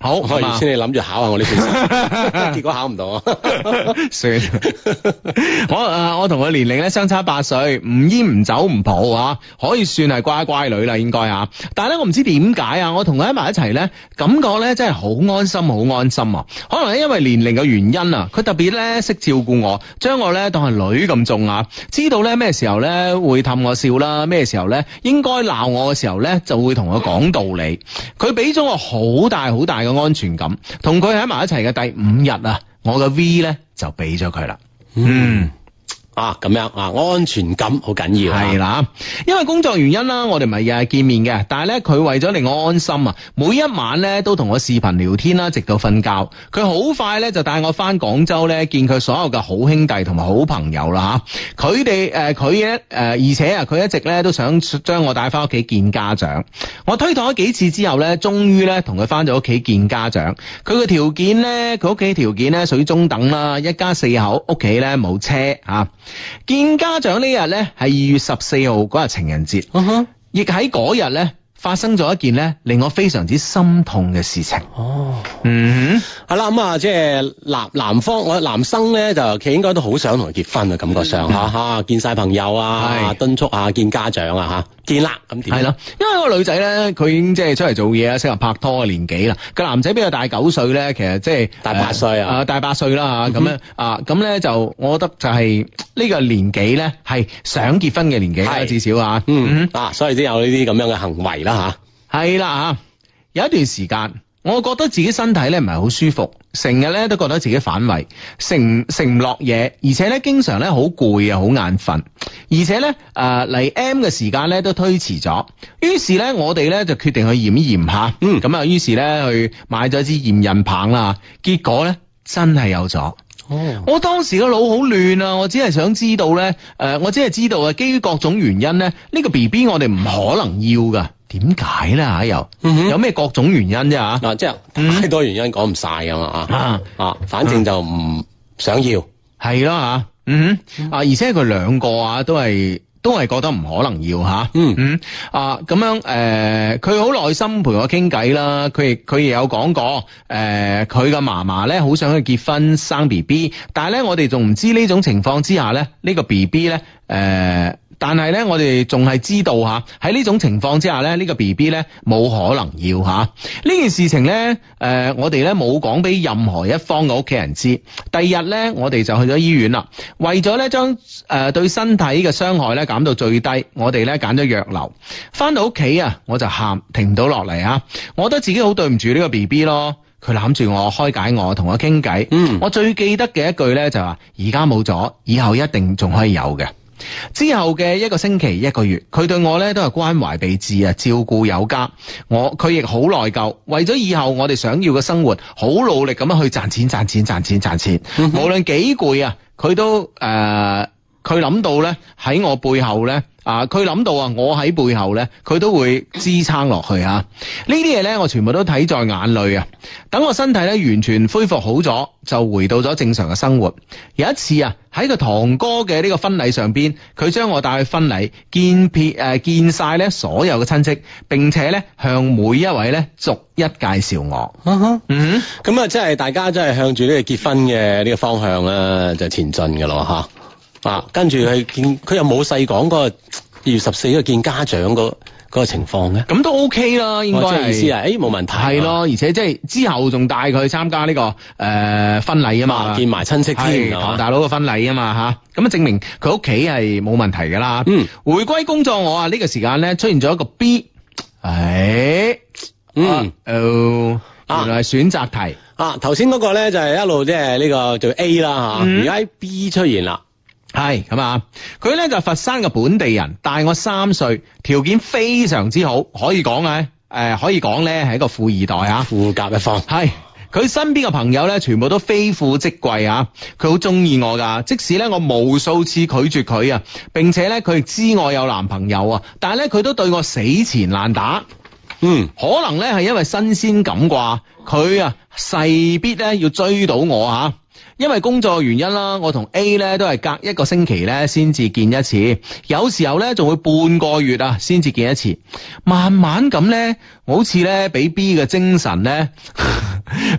好，可以先你諗住考下我呢件事， 結果考唔到啊！ 算了， 我誒，我同佢年齡咧相差八歲，唔煙唔酒唔抱啊，可以算係乖乖女啦，應該啊。但係咧，我唔知點解啊，我同佢喺埋一齊咧，感覺咧真係好安心，好安心啊！可能咧因為年齡嘅原因啊，佢特別咧識照顧我，將我咧當係女咁重吓，知道咧咩時候咧會氹我笑啦，咩時候咧應該鬧我嘅時候咧就會同我講道理。佢俾咗我好大好大嘅嘅安全感，同佢喺埋一齊嘅第五日啊，我嘅 V 咧就俾咗佢啦。嗯。啊，咁樣啊，安全感好緊要係啦，因為工作原因啦，我哋咪日日見面嘅。但係咧，佢為咗令我安心啊，每一晚咧都同我視頻聊天啦，直到瞓覺。佢好快咧就帶我翻廣州咧見佢所有嘅好兄弟同埋好朋友啦吓。佢哋誒，佢、呃、誒、呃，而且啊，佢一直咧都想將我帶翻屋企見家長。我推託咗幾次之後咧，終於咧同佢翻咗屋企見家長。佢嘅條件咧，佢屋企條件咧屬於中等啦，一家四口，屋企咧冇車啊。見家長呢日咧係二月十四號嗰日情人節，亦喺嗰日咧發生咗一件咧令我非常之心痛嘅事情。哦，嗯，係啦，咁啊，即係男男方，我男生咧就其實應該都好想同佢結婚嘅感覺上吓吓、 啊，見晒朋友啊， 啊敦促下、啊、見家長啊吓。啊啦，咁點係啦？因為個女仔咧，佢已經即係出嚟做嘢啦，適合拍拖嘅年紀啦。個男仔比較大九歲咧？其實即係大八歲啊！啊，大八歲啦吓，咁樣啊，咁咧就我覺得就係呢個年紀咧係想結婚嘅年紀啦，是至少啊，嗯哼啊，所以先有呢啲咁樣嘅行為啦吓。係啦吓，有一段時間。我覺得自己身體咧唔係好舒服，成日咧都覺得自己反胃，食食唔落嘢，而且咧經常咧好攰啊，好眼瞓，而且咧誒嚟 M 嘅時間咧都推遲咗。於是咧我哋咧就決定去驗一驗吓，嗯，咁啊，於是咧去買咗支驗孕棒啦。結果咧真係有咗。哦，我當時個腦好亂啊，我只係想知道咧，誒、呃，我只係知道啊，基於各種原因咧，呢、這個 B B 我哋唔可能要㗎。點解咧？啊又，有咩各種原因啫？吓嗱、嗯，即係太多原因講唔晒啊嘛啊啊，嗯、反正就唔想要，係咯吓，嗯啊，而且佢兩個啊都係都係覺得唔可能要吓，嗯嗯啊咁樣誒，佢、呃、好耐心陪我傾偈啦，佢亦佢亦有講過誒，佢嘅嫲嫲咧好想去結婚生 B B，但係咧我哋仲唔知呢種情況之下咧呢、呢個 B B 咧誒。呃但係呢，我哋仲係知道吓，喺、啊、呢種情況之下咧，這個、BB 呢個 B B 呢冇可能要吓。呢、啊、件事情呢，誒、呃，我哋呢冇講俾任何一方嘅屋企人知。第二日呢，我哋就去咗醫院啦。為咗呢，將誒、呃、對身體嘅傷害呢減到最低，我哋呢揀咗藥流。翻到屋企啊，我就喊，停唔到落嚟啊！我覺得自己好對唔住呢個 B B 咯，佢攬住我開解我，同我傾偈。嗯，我最記得嘅一句呢，就話：而家冇咗，以後一定仲可以有嘅。之後嘅一個星期一個月，佢對我呢都係關懷備至啊，照顧有加。我佢亦好內疚，為咗以後我哋想要嘅生活，好努力咁樣去賺錢、賺錢、賺錢、賺錢。 無論幾攰啊，佢都誒。呃佢諗到呢，喺我背後呢，啊，佢諗到啊，我喺背後呢，佢都會支撐落去啊！呢啲嘢呢，我全部都睇在眼裏啊！等我身體呢，完全恢復好咗，就回到咗正常嘅生活。有一次啊，喺個堂哥嘅呢個婚禮上邊，佢將我帶去婚禮，見別誒、呃、見晒呢所有嘅親戚，並且呢向每一位呢逐一介紹我。嗯哼，咁啊，即係大家真係向住呢個結婚嘅呢個方向咧，就前進噶咯吓。啊，跟住去見佢又冇細講嗰二月十四嗰個見家長嗰個情況咧？咁都 OK 啦，應該。意思係，誒，冇問題。係咯，而且即係之後仲帶佢去參加呢個誒婚禮啊嘛，見埋親戚添，同大佬個婚禮啊嘛吓。咁啊，證明佢屋企係冇問題噶啦。嗯。回歸工作，我啊呢個時間咧出現咗一個 B。係。嗯。哦。原來係選擇題。啊，頭先嗰個咧就係一路即係呢個做 A 啦吓，而家 B 出現啦。係咁啊！佢呢就佛山嘅本地人，大我三歲，條件非常之好，可以講啊，誒、呃，可以講呢係一個富二代啊，富甲一方。係佢身邊嘅朋友呢，全部都非富即貴啊！佢好中意我噶，即使呢我無數次拒絕佢啊，並且呢佢知我有男朋友啊，但係呢，佢都對我死纏爛打。嗯，可能呢係因為新鮮感啩，佢啊勢必呢要追到我啊！因為工作原因啦，我同 A 咧都係隔一個星期咧先至見一次，有時候咧仲會半個月啊先至見一次。慢慢咁咧，好似咧俾 B 嘅精神咧，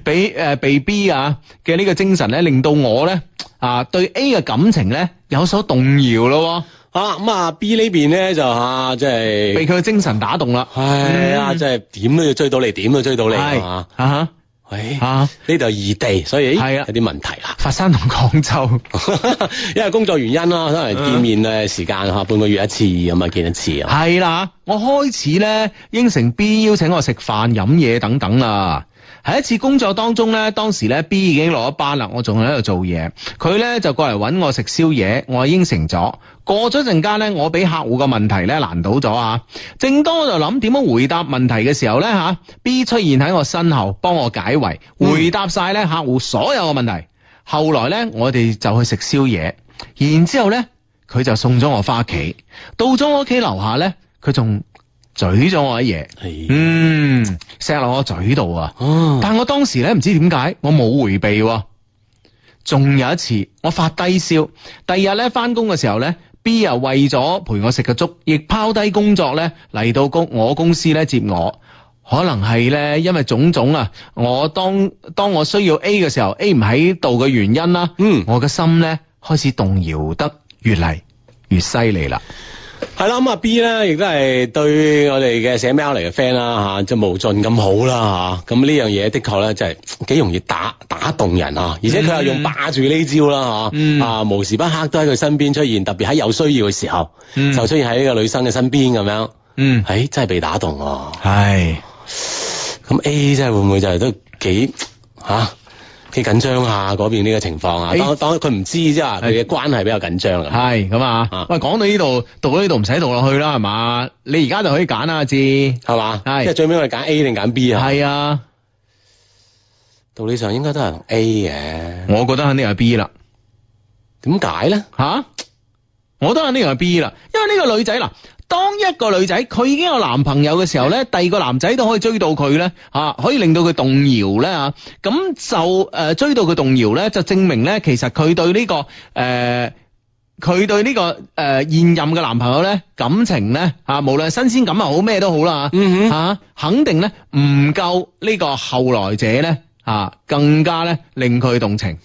俾 誒被、呃、被 B 啊嘅呢個精神咧，令到我咧啊、呃、對 A 嘅感情咧有所動搖咯。好咁啊、嗯、啊 B 邊呢邊咧就啊即係、就是、被佢嘅精神打動啦。係啊唉，即係點都要追到你，點都追到你是啊。啊哈、uh。Huh. 喂，哎、啊，呢度係異地，所以、啊、有啲問題啦、啊。佛山同廣州， 因為工作原因咯、啊，都係見面嘅時間吓、啊，啊、半個月一次咁啊，見一次啊。係啦、啊，我開始咧應承 B 邀請我食飯飲嘢等等啦、啊。喺一次工作當中呢，當時呢 B 已經落咗班啦，我仲喺度做嘢。佢呢就過嚟搵我食宵夜，我應承咗。過咗陣間呢，我俾客戶個問題呢，難倒咗啊！正當我就諗點樣回答問題嘅時候呢，吓 B 出現喺我身後幫我解圍，回答晒呢客戶所有嘅問題。嗯、後來呢，我哋就去食宵夜，然之後呢佢就送咗我翻屋企。到咗我屋企樓下呢，佢仲嘴咗我一嘢，哎、呀嗯，錫落我嘴度啊，哦、但我當時咧唔知點解，我冇回避。仲有一次，我發低燒，第二日咧翻工嘅時候咧，B 又為咗陪我食個粥，亦拋低工作咧嚟到公我公司咧接我。可能係咧因為種種啊，我當當我需要 A 嘅時候，A 唔喺度嘅原因啦，嗯，我嘅心咧開始動搖得越嚟越犀利啦。係啦，咁阿 B 咧，亦都係對我哋嘅寫 mail 嚟嘅 friend 啦，吓就無盡咁好啦，吓咁呢樣嘢的確咧，就係幾容易打打動人啊！而且佢又用霸住呢招啦，吓啊無時不刻都喺佢身邊出現，特別喺有需要嘅時候、嗯、就出現喺呢個女生嘅身邊咁樣，嗯、哎，誒真係被打動、啊，係咁是 A 真係會唔會就係都幾吓？啊幾緊張下嗰邊呢個情況啊，A? 當當佢唔知，即係佢嘅關係比較緊張啊。係咁啊，啊喂，講到呢度，讀到呢度唔使讀落去啦，係嘛？你而家就可以揀啦、啊，阿志，係嘛吧？係是即係最尾我哋揀 A 定揀 B 啊？係啊，道理上應該都係同 A 嘅，我覺得肯定係 B 啦。點解咧？吓、啊，我都肯定樣係 B 啦，因為呢個女仔嗱、啊。當一個女仔佢已經有男朋友嘅時候呢，第二個男仔都可以追到佢呢吓，可以令到佢動搖呢吓，咁就誒追到佢動搖呢就證明呢，其實佢對呢個誒佢、呃、對呢個誒、呃、現任嘅男朋友呢感情呢，吓，無論新鮮感又好咩都好啦吓，吓、mm hmm. 肯定呢唔夠呢個後來者呢吓更加呢令佢動情。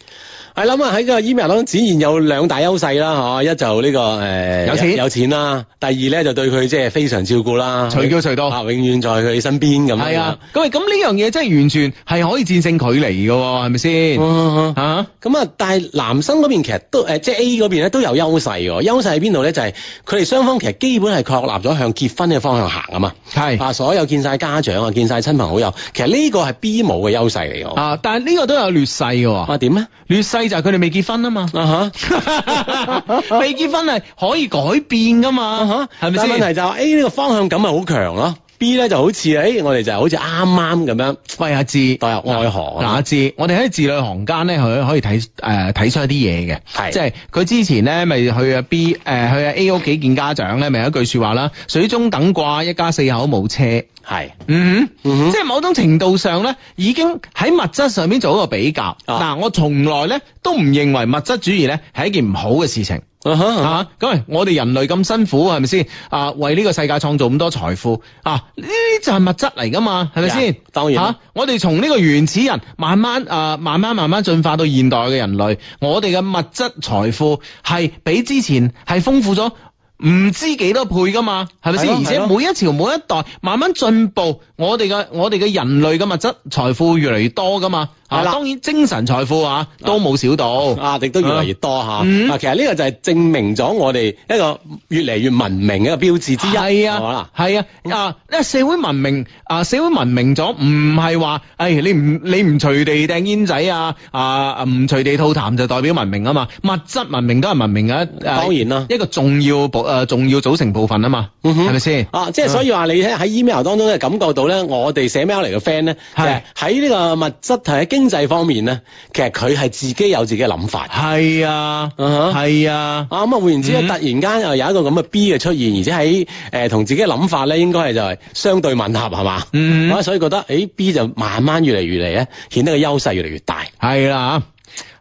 我諗啊，喺個 email 嗰度展現有兩大優勢啦，嗬，一就呢、這個誒、呃、有錢有錢啦，第二咧就對佢即係非常照顧啦，隨叫隨到，永遠在佢身邊咁樣、啊、樣。係啊，咁咁呢樣嘢即係完全係可以戰勝距離嘅、哦，係咪先？吓，咁啊，啊嗯嗯、但係男生嗰邊其實都誒、呃，即係 A 嗰邊咧都有優勢嘅，優勢喺邊度咧？就係佢哋雙方其實基本係確立咗向結婚嘅方向行啊嘛。係是啊，所有見晒家長啊，見晒親朋好友，其實呢個係 B 冇嘅優勢嚟嘅。啊，但係呢個都有劣勢嘅。啊，點咧、啊？劣勢。就係佢哋未結婚啊嘛，啊嚇、uh，huh. 未結婚係可以改變噶嘛，嚇、uh，係咪先？問題就係，欸呢個方向感係好強咯、啊。B 咧就好似誒，我哋就好似啱啱咁樣，揮下字代入外行。嗱、呃，志、呃，我哋喺字裏行間咧，佢可以睇誒睇出一啲嘢嘅，係即係佢之前咧，咪去阿 B 誒、呃、去阿 A 屋企見家長咧，咪有一句説話啦，水中等掛，一家四口冇車，係是，嗯哼，嗯哼，即係某種程度上咧，已經喺物質上面做一個比較。嗱、啊，我從來咧都唔認為物質主義咧係一件唔好嘅事情。Uh huh. 啊哈吓！咁我哋人類咁辛苦係咪先？啊，為呢個世界創造咁多財富啊！呢啲就係物質嚟噶嘛，係咪先？Yeah, 當然。吓、啊，我哋從呢個原始人慢慢啊、呃，慢慢慢慢進化到現代嘅人類，我哋嘅物質財富係比之前係豐富咗唔知幾多倍噶嘛，係咪先？而且每一朝每一代慢慢進步，我哋嘅我哋嘅人類嘅物質財富越嚟越多噶嘛。係啦，當然精神財富啊，都冇少到啊，亦都越嚟越多嚇。嗱，其實呢個就係證明咗我哋一個越嚟越文明嘅一個標誌之一。係啊，係啊，啊，因為社會文明啊，社會文明咗，唔係話，係你唔你唔隨地掟煙仔啊，啊唔隨地吐痰就代表文明啊嘛。物質文明都係文明嘅，當然啦，一個重要部重要組成部分啊嘛。嗯哼，係咪先？啊，即係所以話你喺喺 email 當中咧，感覺到咧，我哋寫 mail 嚟嘅 friend 咧，係喺呢個物質係經濟方面咧，其實佢係自己有自己嘅諗法。係啊，啊係、uh huh. 啊，啊咁啊，換言之咧，嗯、突然間又有一個咁嘅 B 嘅出現，而且喺誒同自己嘅諗法咧，應該係就係相對吻合係嘛，咁、嗯、所以覺得誒 B 就慢慢越嚟越嚟咧，顯得個優勢越嚟越大。係啦、啊。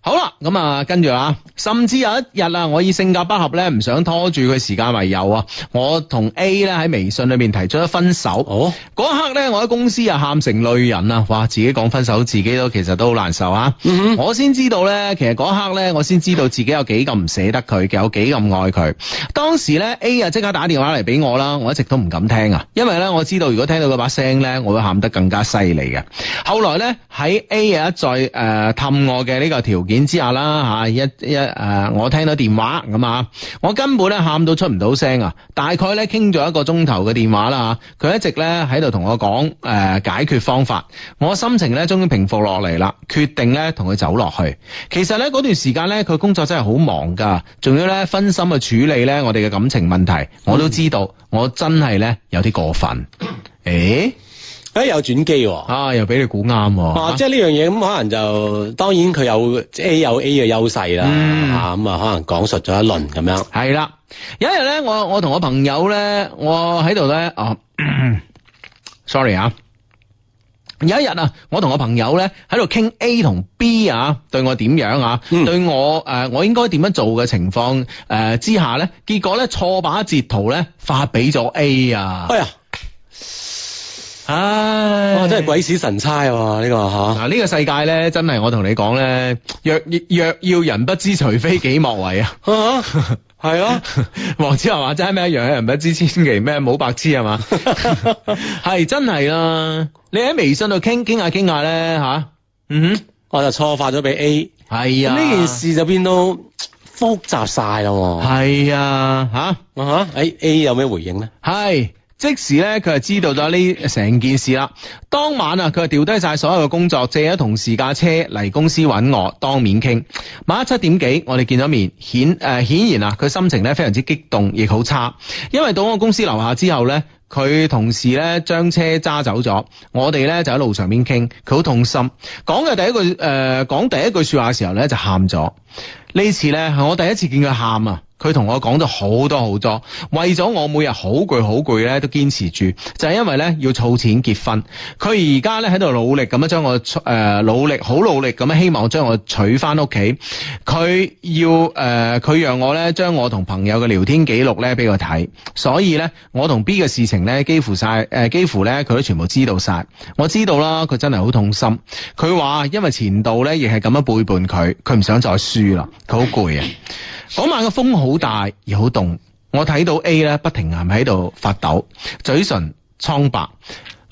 好啦，咁、嗯、啊，跟住啊，甚至有一日啊，我以性格不合咧，唔想拖住佢時間為由啊，我同 A 咧喺微信裏面提出咗分手。哦，嗰一刻咧，我喺公司啊，喊成淚人啊，哇，自己講分手，自己都其實都好難受啊。嗯嗯，我先知道咧，其實嗰一刻咧，我先知道自己有幾咁唔捨得佢，嘅，有幾咁愛佢。當時咧，A 啊即刻打電話嚟俾我啦，我一直都唔敢聽啊，因為咧，我知道如果聽到佢把聲咧，我會喊得更加犀利嘅。後來咧，喺 A 啊再誒氹、呃、我嘅呢個條件，之下啦，吓一一誒、呃，我聽到電話咁啊，我根本咧喊到出唔到聲啊，大概咧傾咗一個鐘頭嘅電話啦，佢一直咧喺度同我講誒、呃、解決方法，我心情咧終於平復落嚟啦，決定咧同佢走落去。其實咧嗰段時間咧，佢工作真係好忙噶，仲要咧分心去處理咧我哋嘅感情問題，我都知道，嗯、我真係咧有啲過分。誒、欸。有轉機喎！啊，又俾你估啱喎！啊，即係呢樣嘢咁，可能就當然佢有 A 有 A 嘅優勢啦。嚇、嗯，咁啊，可能講述咗一輪咁樣。係啦，有一日咧，我我同我朋友咧，我喺度咧，啊 ，sorry 啊，有一日啊，我同我朋友咧喺度傾 A 同 B 啊，對我點樣啊？嗯、對我誒，我應該點樣做嘅情況誒之下咧，結果咧錯把截圖咧發俾咗 A 啊！哎呀～唉、哎哦，真係鬼使神差喎、啊！呢、這個吓，嗱、啊、呢、啊這個世界咧，真係我同你講咧，若若要人不知，除非己莫為啊！係 啊，黃子華話齋咩樣人不知，千祈咩冇白痴係嘛？係真係啊。你喺微信度傾傾下傾下咧吓，嗯哼，我就錯發咗俾 A，係啊、哎呀，呢件事就變到複雜晒啦，係、哎、啊、吓、哎、啊吓，誒 A 有咩回應咧？係、哎。即時咧，佢就知道咗呢成件事啦。當晚啊，佢就掉低晒所有嘅工作，借咗同事架車嚟公司揾我，當面傾。晚黑七點幾，我哋見咗面，顯誒顯然啊，佢心情咧非常之激動，亦好差。因為到我公司樓下之後呢，佢同事咧將車揸走咗，我哋咧就喺路上面傾，佢好痛心。講嘅第一句誒，講、呃、第一句說話嘅時候咧就喊咗。呢次呢，係我第一次見佢喊啊！佢同我講咗好多好多，為咗我每日好攰好攰咧，都堅持住，就係、是、因為咧要儲錢結婚。佢而家咧喺度努力咁樣將我誒、呃、努力，好努力咁樣希望將我娶翻屋企。佢要誒，佢、呃、讓我咧將我同朋友嘅聊天記錄咧俾佢睇，所以咧我同 B 嘅事情咧幾乎晒誒，幾乎咧佢、呃、都全部知道晒。我知道啦，佢真係好痛心。佢話因為前度咧亦係咁樣背叛佢，佢唔想再輸啦，佢好攰啊！ 嗰晚嘅風好大雨好凍，我睇到 A 咧不停係喺度發抖，嘴唇蒼白。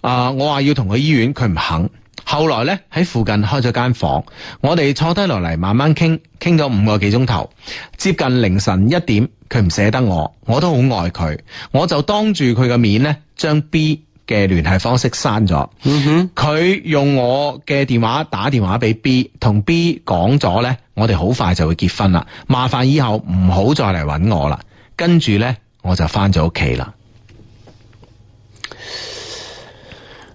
啊，我話要同佢醫院，佢唔肯。後來呢，喺附近開咗間房，我哋坐低落嚟慢慢傾，傾咗五個幾鐘頭，接近凌晨一點，佢唔捨得我，我都好愛佢，我就當住佢嘅面呢，將 B。嘅聯繫方式刪咗，佢、嗯、哼用我嘅電話打電話俾 B，同 B 講咗呢，我哋好快就會結婚啦，麻煩以後唔好再嚟揾我啦。跟住呢，我就返咗屋企啦。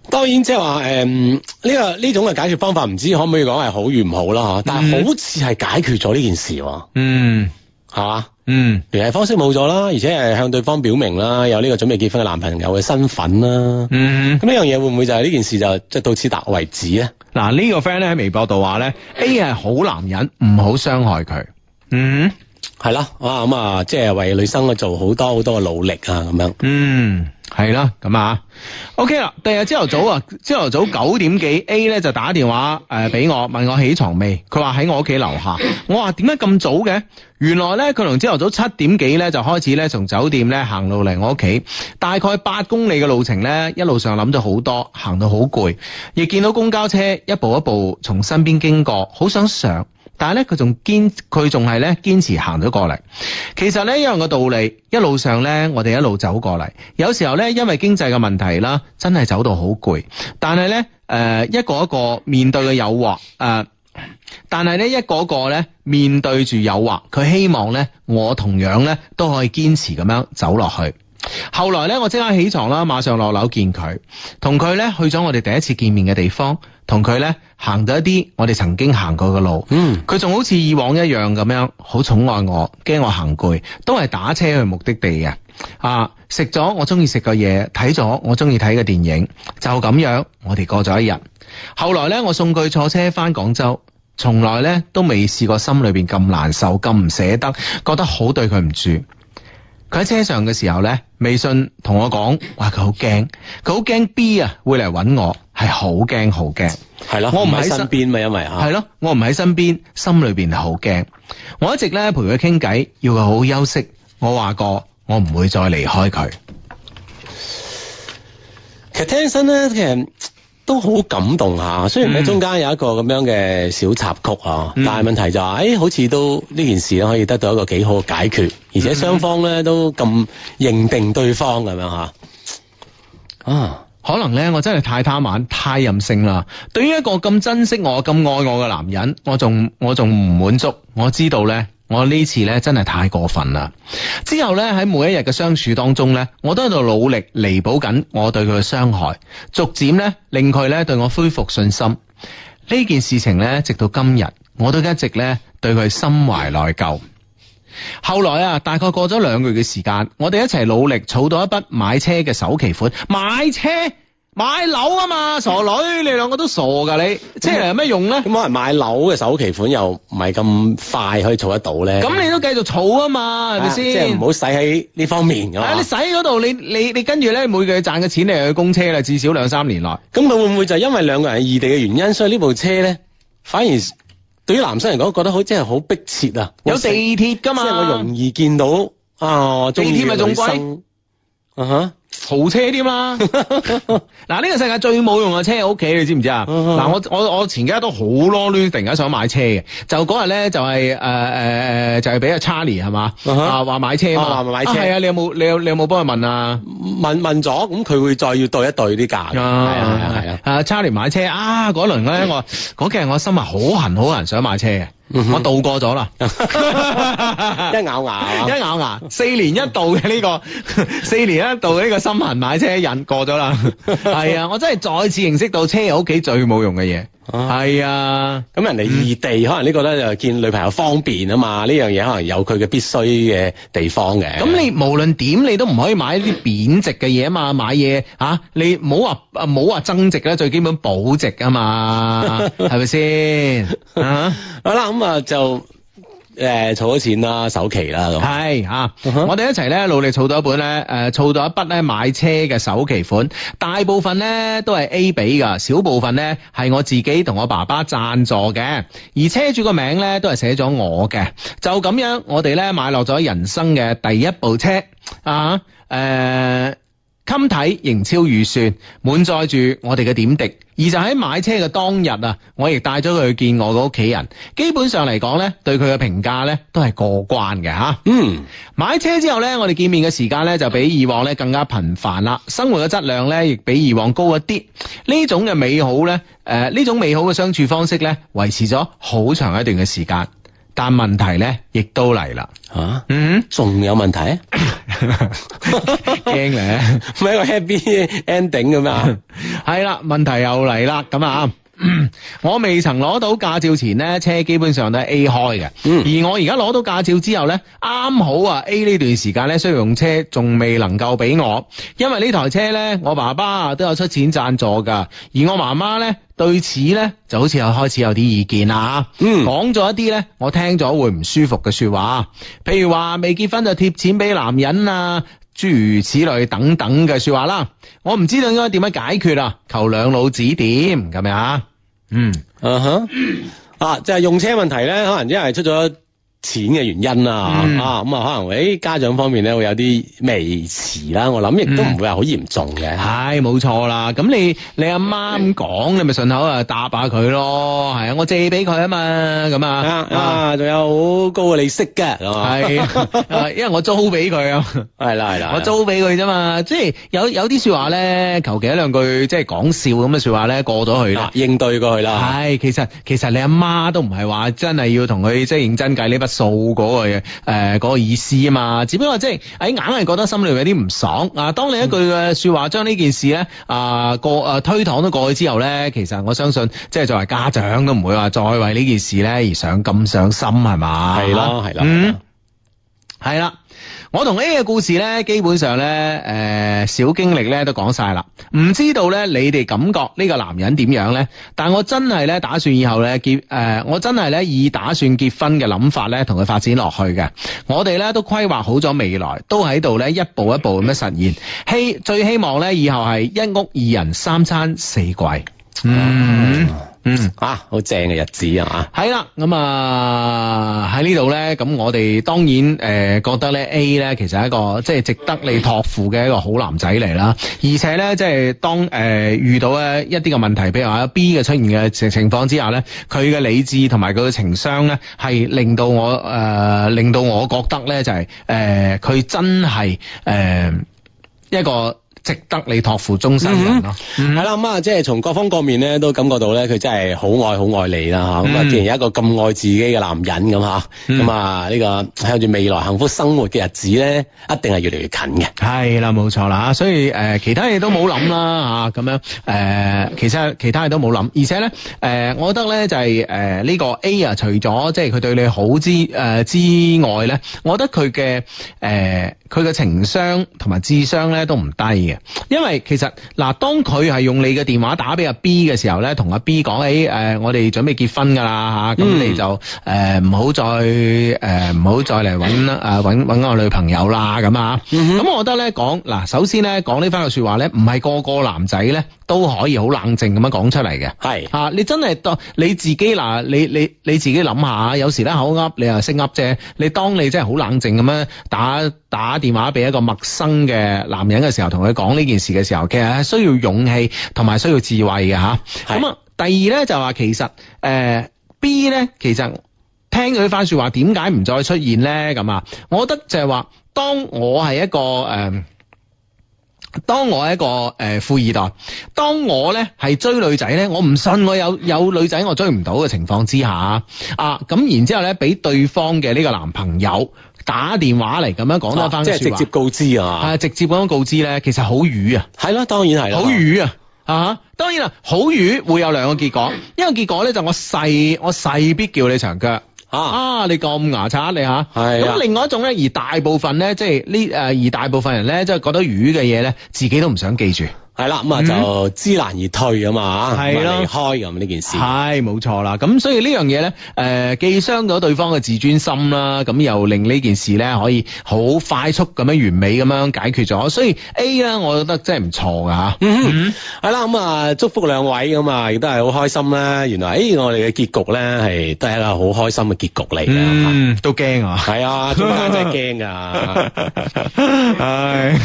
當然即係話誒，呢個呢種嘅解決方法唔知可唔可以講係好與唔好啦，但係好似係解決咗呢件事喎。嗯，係嘛？嗯，聯繫方式冇咗啦，而且係向對方表明啦，有呢個準備結婚嘅男朋友嘅身份啦。嗯，咁呢樣嘢會唔會就係呢件事就即係到此達為止咧？嗱、啊，呢、呢個 friend 咧喺微博度話咧，A 係好男人，唔好傷害佢。嗯。係啦，啊咁，啊，即係為女生啊做好多好多嘅努力啊，咁樣。嗯，係啦，咁啊。OK 啦，第二日朝頭早啊，朝頭早九點幾，A 咧就打電話誒俾我，問我起床未？佢話喺我屋企樓下。我話點解咁早嘅？原來咧，佢從朝頭早七點幾咧就開始咧，從酒店咧行路嚟我屋企，大概八公里嘅路程咧，一路上諗咗好多，行到好攰，亦見到公交車一步一步從身邊經過，好想上。但係咧，佢仲堅，佢仲係咧堅持行咗過嚟。其實咧一樣嘅道理，一路上咧，我哋一路走過嚟。有時候咧，因為經濟嘅問題啦，真係走到好攰。但係咧，誒、呃、一個一個面對嘅誘惑，誒、呃，但係咧一個個咧面對住誘惑，佢希望咧我同樣咧都可以堅持咁樣走落去。後來咧，我即刻起床啦，馬上落樓見佢，同佢咧去咗我哋第一次見面嘅地方。同佢咧行到一啲我哋曾經行過嘅路，嗯，佢仲好似以往一樣咁樣好寵愛我，驚我行攰，都係打車去目的地嘅，啊，食咗我中意食嘅嘢，睇咗我中意睇嘅電影，就咁樣我哋過咗一日。後來咧我送佢坐車返廣州，從來咧都未試過心裏邊咁難受，咁唔捨得，覺得好對佢唔住。佢喺車上嘅時候呢，微信同我講，哇，佢好驚，佢好驚 B 啊會嚟揾我，係好驚好驚。係咯，我唔喺身邊咪？因為係咯，我唔喺身邊，心裏邊好驚。啊、我一直呢，陪佢傾偈，要佢好好休息。我話過，我唔會再離開佢。其實聽起身呢，其實。都好感動嚇，雖然我中間有一個咁樣嘅小插曲啊，嗯、但係問題就係、是，誒、哎、好似都呢件事咧可以得到一個幾好嘅解決，而且雙方咧都咁認定對方咁、嗯嗯、樣嚇。啊，可能咧我真係太貪玩、太任性啦。對於一個咁珍惜我、咁愛我嘅男人，我仲我仲唔滿足？我知道咧。我呢次咧真係太過分啦！之後呢，喺每一日嘅相處當中呢，我都喺度努力彌補緊我對佢嘅傷害，逐漸呢令佢呢對我恢復信心。呢件事情呢，直到今日我都一直呢對佢心懷內疚。後來啊，大概過咗兩個月嘅時間，我哋一齊努力儲到一筆買車嘅首期款，買車。買樓啊嘛，傻女，你兩個都傻噶，你車嚟有咩用咧？咁可能買樓嘅首期款又唔係咁快可以儲得到咧。咁、嗯嗯、你都繼續儲啊嘛，係咪先？即係唔好使喺呢方面。啊，說你使喺嗰度，你你你，你跟住咧，每個月賺嘅錢嚟去供車啦，至少兩三年內。咁佢、嗯嗯、會唔會就係因為兩個人係異地嘅原因，所以呢部車咧，反而對於男生嚟講，覺得好真係好迫切啊？有地鐵噶嘛？即係我容易見到啊，中鐵啊，仲、啊、貴？啊哈？豪車添啦！嗱、 啊，呢、這個世界最冇用嘅車喺屋企，你知唔知、uh huh. 啊？嗱，我我我前幾日都好囉攣，突然間想買車嘅。就嗰日咧，就係誒誒誒，就係、是、俾阿 Charlie 係嘛，話、uh huh. 啊、買車嘛，啊、買車係啊！你有冇？你有你有冇幫佢問啊？問問咗，咁佢會再要對一對啲價嘅。係啊係啊係啊！阿、啊啊啊、Charlie 買車啊，嗰輪咧我嗰期我心話好痕好痕想買車嘅。我渡過咗啦，一咬牙 咬， 一咬牙咬，四年一度嘅呢個， 四年一度嘅呢個心痕買車癮過咗啦，係啊，我真係再次認識到車友屋企最冇用嘅嘢。係啊，咁、嗯、人哋異地可能個呢個咧就見女朋友方便啊嘛，呢 樣嘢可能有佢嘅必須嘅地方嘅。咁你無論點你都唔可以買啲貶值嘅嘢啊嘛，買嘢啊，你唔好話唔好話增值咧，最基本保值啊嘛，係咪先？啊，好啦、 嗯，咁啊就。誒，儲咗、嗯、錢啦，首期啦咁。係啊， 我哋一齊咧努力儲到一本咧，誒、呃，儲到一筆咧買車嘅首期款，大部分咧都係 A 俾噶，小部分咧係我自己同我爸爸贊助嘅，而車主個名咧都係寫咗我嘅，就咁樣我哋咧買落咗人生嘅第一部車啊，誒、啊。呃襟睇盈超預算，滿載住我哋嘅點滴。而就喺買車嘅當日啊，我亦帶咗佢去見我嘅屋企人。基本上嚟講呢，對佢嘅評價呢都係過關嘅吓。嗯，買車之後呢，我哋見面嘅時間呢就比以往呢更加頻繁啦。生活嘅質量呢亦比以往高一啲。呢種嘅美好呢，誒、呃、呢種美好嘅相處方式呢，維持咗好長一段嘅時間。但問題呢，亦都嚟啦吓，嗯，仲有問題啊。驚咧，唔係一個 happy ending 㗎嘛？係啦，問題又嚟啦，咁啊。 我未曾攞到駕照前呢，車基本上都係 A 開嘅。嗯，而我而家攞到駕照之後呢，啱好啊 A 呢段時間呢，需要用車，仲未能夠俾我，因為呢台車呢，我爸爸都有出錢贊助噶。而我媽媽呢，對此呢，就好似有開始有啲意見啦吓，講咗、嗯、一啲呢，我聽咗會唔舒服嘅說話，譬如話未結婚就貼錢俾男人啊，諸如此類等等嘅說話啦。我唔知道應該點樣解決啊？求兩老指點咁樣啊！嗯，啊哈、mm. uh，啊、huh. ah,，就係用車問題咧，可能因為出咗錢嘅原因啦，啊咁，啊可能誒家長方面咧會有啲微詞啦，我諗亦都唔會係好嚴重嘅，係冇錯啦。咁你你阿媽咁講，你咪順口啊答下佢咯，係啊，我借俾佢啊嘛，咁啊啊仲有好高嘅利息嘅，係係因為我租俾佢啊，係啦係啦，我租俾佢啫嘛，即係有有啲說話咧，求其一兩句即係講笑咁嘅說話咧過咗去啦，應對過去啦，係其實其實你阿媽都唔係話真係要同佢即係認真計呢筆。做嗰、嗰個嘅誒嗰個意思啊嘛，只不過即係喺硬係覺得心裏有啲唔爽啊。當你一句嘅說話將呢件事咧啊過誒、啊、推搪咗過去之後咧，其實我相信即係作為家長都唔會話再為呢件事咧而想咁上心係嘛？係咯係咯，嗯，係啦。我同 A 嘅故事呢，基本上呢，誒、呃，小經歷呢都講晒啦。唔知道呢，你哋感覺呢個男人點樣呢？但我真係咧打算以後呢，結，誒、呃，我真係咧以打算結婚嘅諗法呢，同佢發展落去嘅。我哋呢都規劃好咗未來，都喺度呢一步一步咁樣實現。希、hey, 最希望呢，以後係一屋二人三餐四季。嗯。嗯 啊，好正嘅日子啊！嘛，係、嗯、啦，咁啊喺呢度咧，咁、嗯、我哋當然誒、呃、覺得咧 A 咧，其實係一個即係值得你託付嘅一個好男仔嚟啦。而且咧，即係當誒、呃、遇到誒一啲嘅問題，譬如話 B 嘅出現嘅情況之下咧，佢嘅理智同埋佢嘅情商咧，係令到我誒、呃、令到我覺得咧就係誒佢真係誒、呃、一個。值得你託付終身咯，係啦咁啊，嗯、即係從各方各面咧都感覺到咧，佢真係好愛好愛你啦吓，咁啊，mm hmm. 既然有一個咁愛自己嘅男人咁吓，咁啊呢、啊 mm hmm. 嗯這個向住未來幸福生活嘅日子咧，一定係越嚟越近嘅。係啦，冇錯啦。所以誒、呃、其他嘢都冇諗啦吓咁樣誒其實其他嘢都冇諗，而且咧誒我覺得咧就係誒呢個 A 啊，除咗即係佢對你好之誒之外咧，我覺得佢嘅誒佢嘅情商同埋智商咧都唔低嘅。因為其實嗱，當佢係用你嘅電話打俾阿 B 嘅時候咧，同阿 B 講起誒，我哋準備結婚噶啦吓，咁、啊、你就誒唔好再誒唔好再嚟搵啊搵我女朋友啦咁啊，咁、嗯哼嗯、我覺得咧講嗱，首先咧講呢番嘅說話咧，唔係個個男仔咧都可以好冷靜咁樣講出嚟嘅，係是啊，你真係當你自己嗱，你你你，你自己諗下，有時咧口噏你又識噏啫，你當你真係好冷靜咁樣打打電話俾一個陌生嘅男人嘅時候，同佢講，講呢件事嘅時候，其實係需要勇氣同埋需要智慧嘅吓。咁啊，是第二呢就話，其實誒、呃、B 呢，其實聽佢番說話，點解唔再出現呢？咁啊，我覺得就係話，當我係一個誒、呃，當我係一個誒、呃、富二代，當我呢係追女仔呢，我唔信我有有女仔我追唔到嘅情況之下啊，咁然之後呢，俾對方嘅呢個男朋友。打電話嚟咁樣講多一番、啊、即係直接告知啊，係、啊、直接咁樣告知咧，其實好瘀啊，係咯， 當然係啦，好瘀啊，啊，當然啦，好瘀會有兩個結果， 一個結果咧就我勢我勢必叫你長腳， 啊，你咁牙刷你吓、啊，係，咁、 啊、另外一種咧，而大部分咧即係呢誒，而大部分人咧即係覺得瘀嘅嘢咧，自己都唔想記住。係啦，咁啊就知難而退啊嘛，唔係離開咁呢件事。係冇錯啦，咁所以呢樣嘢咧，誒既傷咗對方嘅自尊心啦，咁又令呢件事咧可以好快速咁樣完美咁樣解決咗。所以 A 咧，我覺得真係唔錯噶吓。嗯係啦，咁啊祝福兩位咁啊，亦都係好開心啦。原來誒，我哋嘅結局咧係都係一個好開心嘅結局嚟嘅。都驚啊！係啊，中間真係驚噶。唉，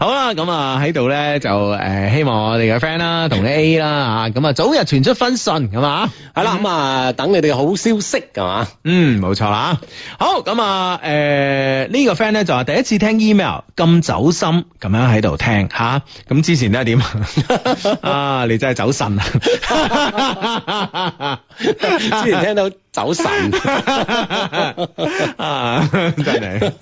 好啦，咁啊喺度咧就。誒，希望我哋嘅 friend 啦，同你 A 啦，啊，咁啊，早日傳出分訊咁嘛，係啦，咁啊，等你哋好消息，係嘛？嗯，冇錯啦。好，咁啊，誒、呃，呢、這個 friend 咧就話第一次聽 email 咁走心，咁樣喺度聽吓，咁之前咧點 啊？你真係走神啊， 之前聽到。走神啊，真 係，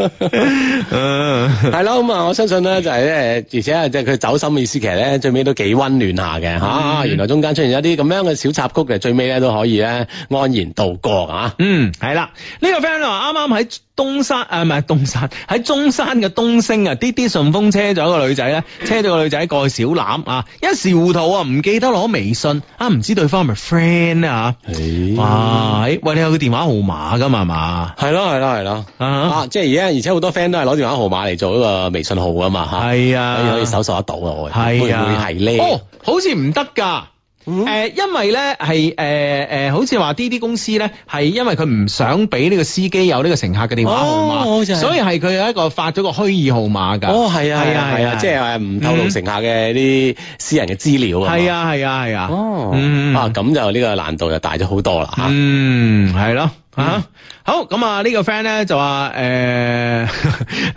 嗯對話，係咯，咁啊，我相信咧就係咧，而且即係佢走心，意思其實咧最尾都幾温暖下嘅吓，啊、原來中間出現一啲咁樣嘅小插曲嘅，最尾咧都可以咧安然度過啊，嗯，係啦，呢、這個 friend 啱啱喺。東山啊，唔係東山，喺中山嘅東升啊，滴滴順風車咗個女仔咧，車咗個女仔過去小欖啊，一時糊塗啊，唔記得攞微信啊，唔知對方係咪 friend 啊。吓、哎呀欸？喂，你有個電話號碼噶嘛？係咯係咯係咯啊！即係而家，而且好多 friend 都係攞電話號碼嚟做嗰個微信號噶嘛吓？係啊的，可以可以搜索得到啊。我哋的會唔會係咧？哦，好似唔得噶。誒，嗯 uh, 因為咧係誒誒，uh, uh, 好似話滴滴公司咧係因為佢唔想俾呢個司機有呢個乘客嘅電話號碼，哦、所以係佢有一個發咗個虛擬號碼㗎。哦，係啊，係啊，啊，即係唔透露乘客嘅啲私人嘅資料啊。係啊，係啊，係啊。啊啊哦，嗯、啊，咁就呢個難度就大咗好多啦嚇。啊、嗯，係咯、啊。啊，好咁啊！呢個 friend 咧就話，誒、呃，呢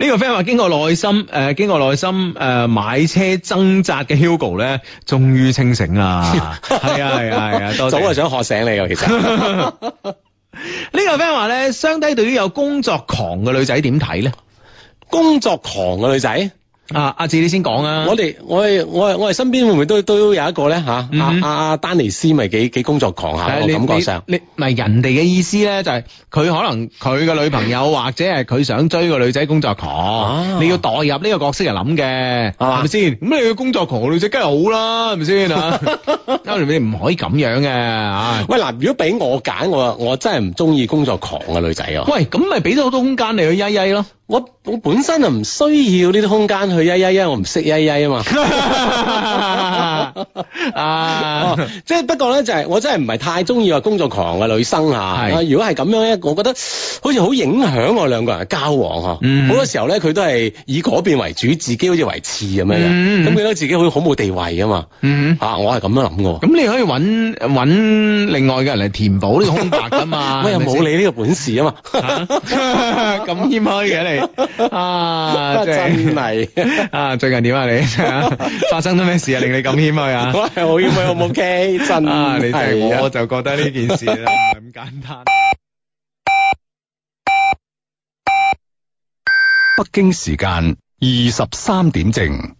個 friend 話經過內心，誒、呃，經過內心誒、呃、買車掙扎嘅 Hugo 咧，終於清醒啦。係啊係啊係啊，啊啊啊早係想學醒你啊，其實。呢個 friend 話咧，相低對於有工作狂嘅女仔點睇咧？ 工作狂嘅女仔。啊，阿志你先講啊！我哋我係我我係身邊會唔會都都會有一個咧嚇？阿、啊、阿、嗯啊、丹尼斯咪幾幾工作狂嚇、啊？我感覺上，你咪人哋嘅意思咧就係、是、佢可能佢嘅女朋友或者係佢想追個女仔工作狂。 你要代入呢個角色嚟諗嘅係咪先？咁、啊、吧你個工作狂嘅女仔梗係好啦，係咪先？啊！但你唔可以咁樣嘅嚇。哎、喂嗱，如果俾我揀，我我真係唔中意工作狂嘅女仔啊。喂，咁咪俾咗好多空間你去曳曳咯。我我本身就唔需要呢啲空間去依依依，我唔識依依啊嘛。啊，即係不過咧，就係我真係唔係太中意話工作狂嘅女生嚇。是如果係咁樣咧，我覺得好似好影響我兩個人嘅交往呵。好、嗯、多時候咧，佢都係以嗰邊為主，自己好似為次咁樣，咁覺得自己好好冇地位、嗯、啊嘛。嚇，我係咁樣諗嘅。咁你可以揾揾另外嘅人嚟填補呢個空白啊嘛。 我又冇你呢個本事啊嘛。咁謙虛嘅你。 啊，真、就、係、是、 啊！最近點啊你？ 發生咗咩事啊令你咁謙虛啊？我係好謙虛，我冇計。啊，你就我， 我就覺得呢件事唔係咁簡單。北京時間二十三點正。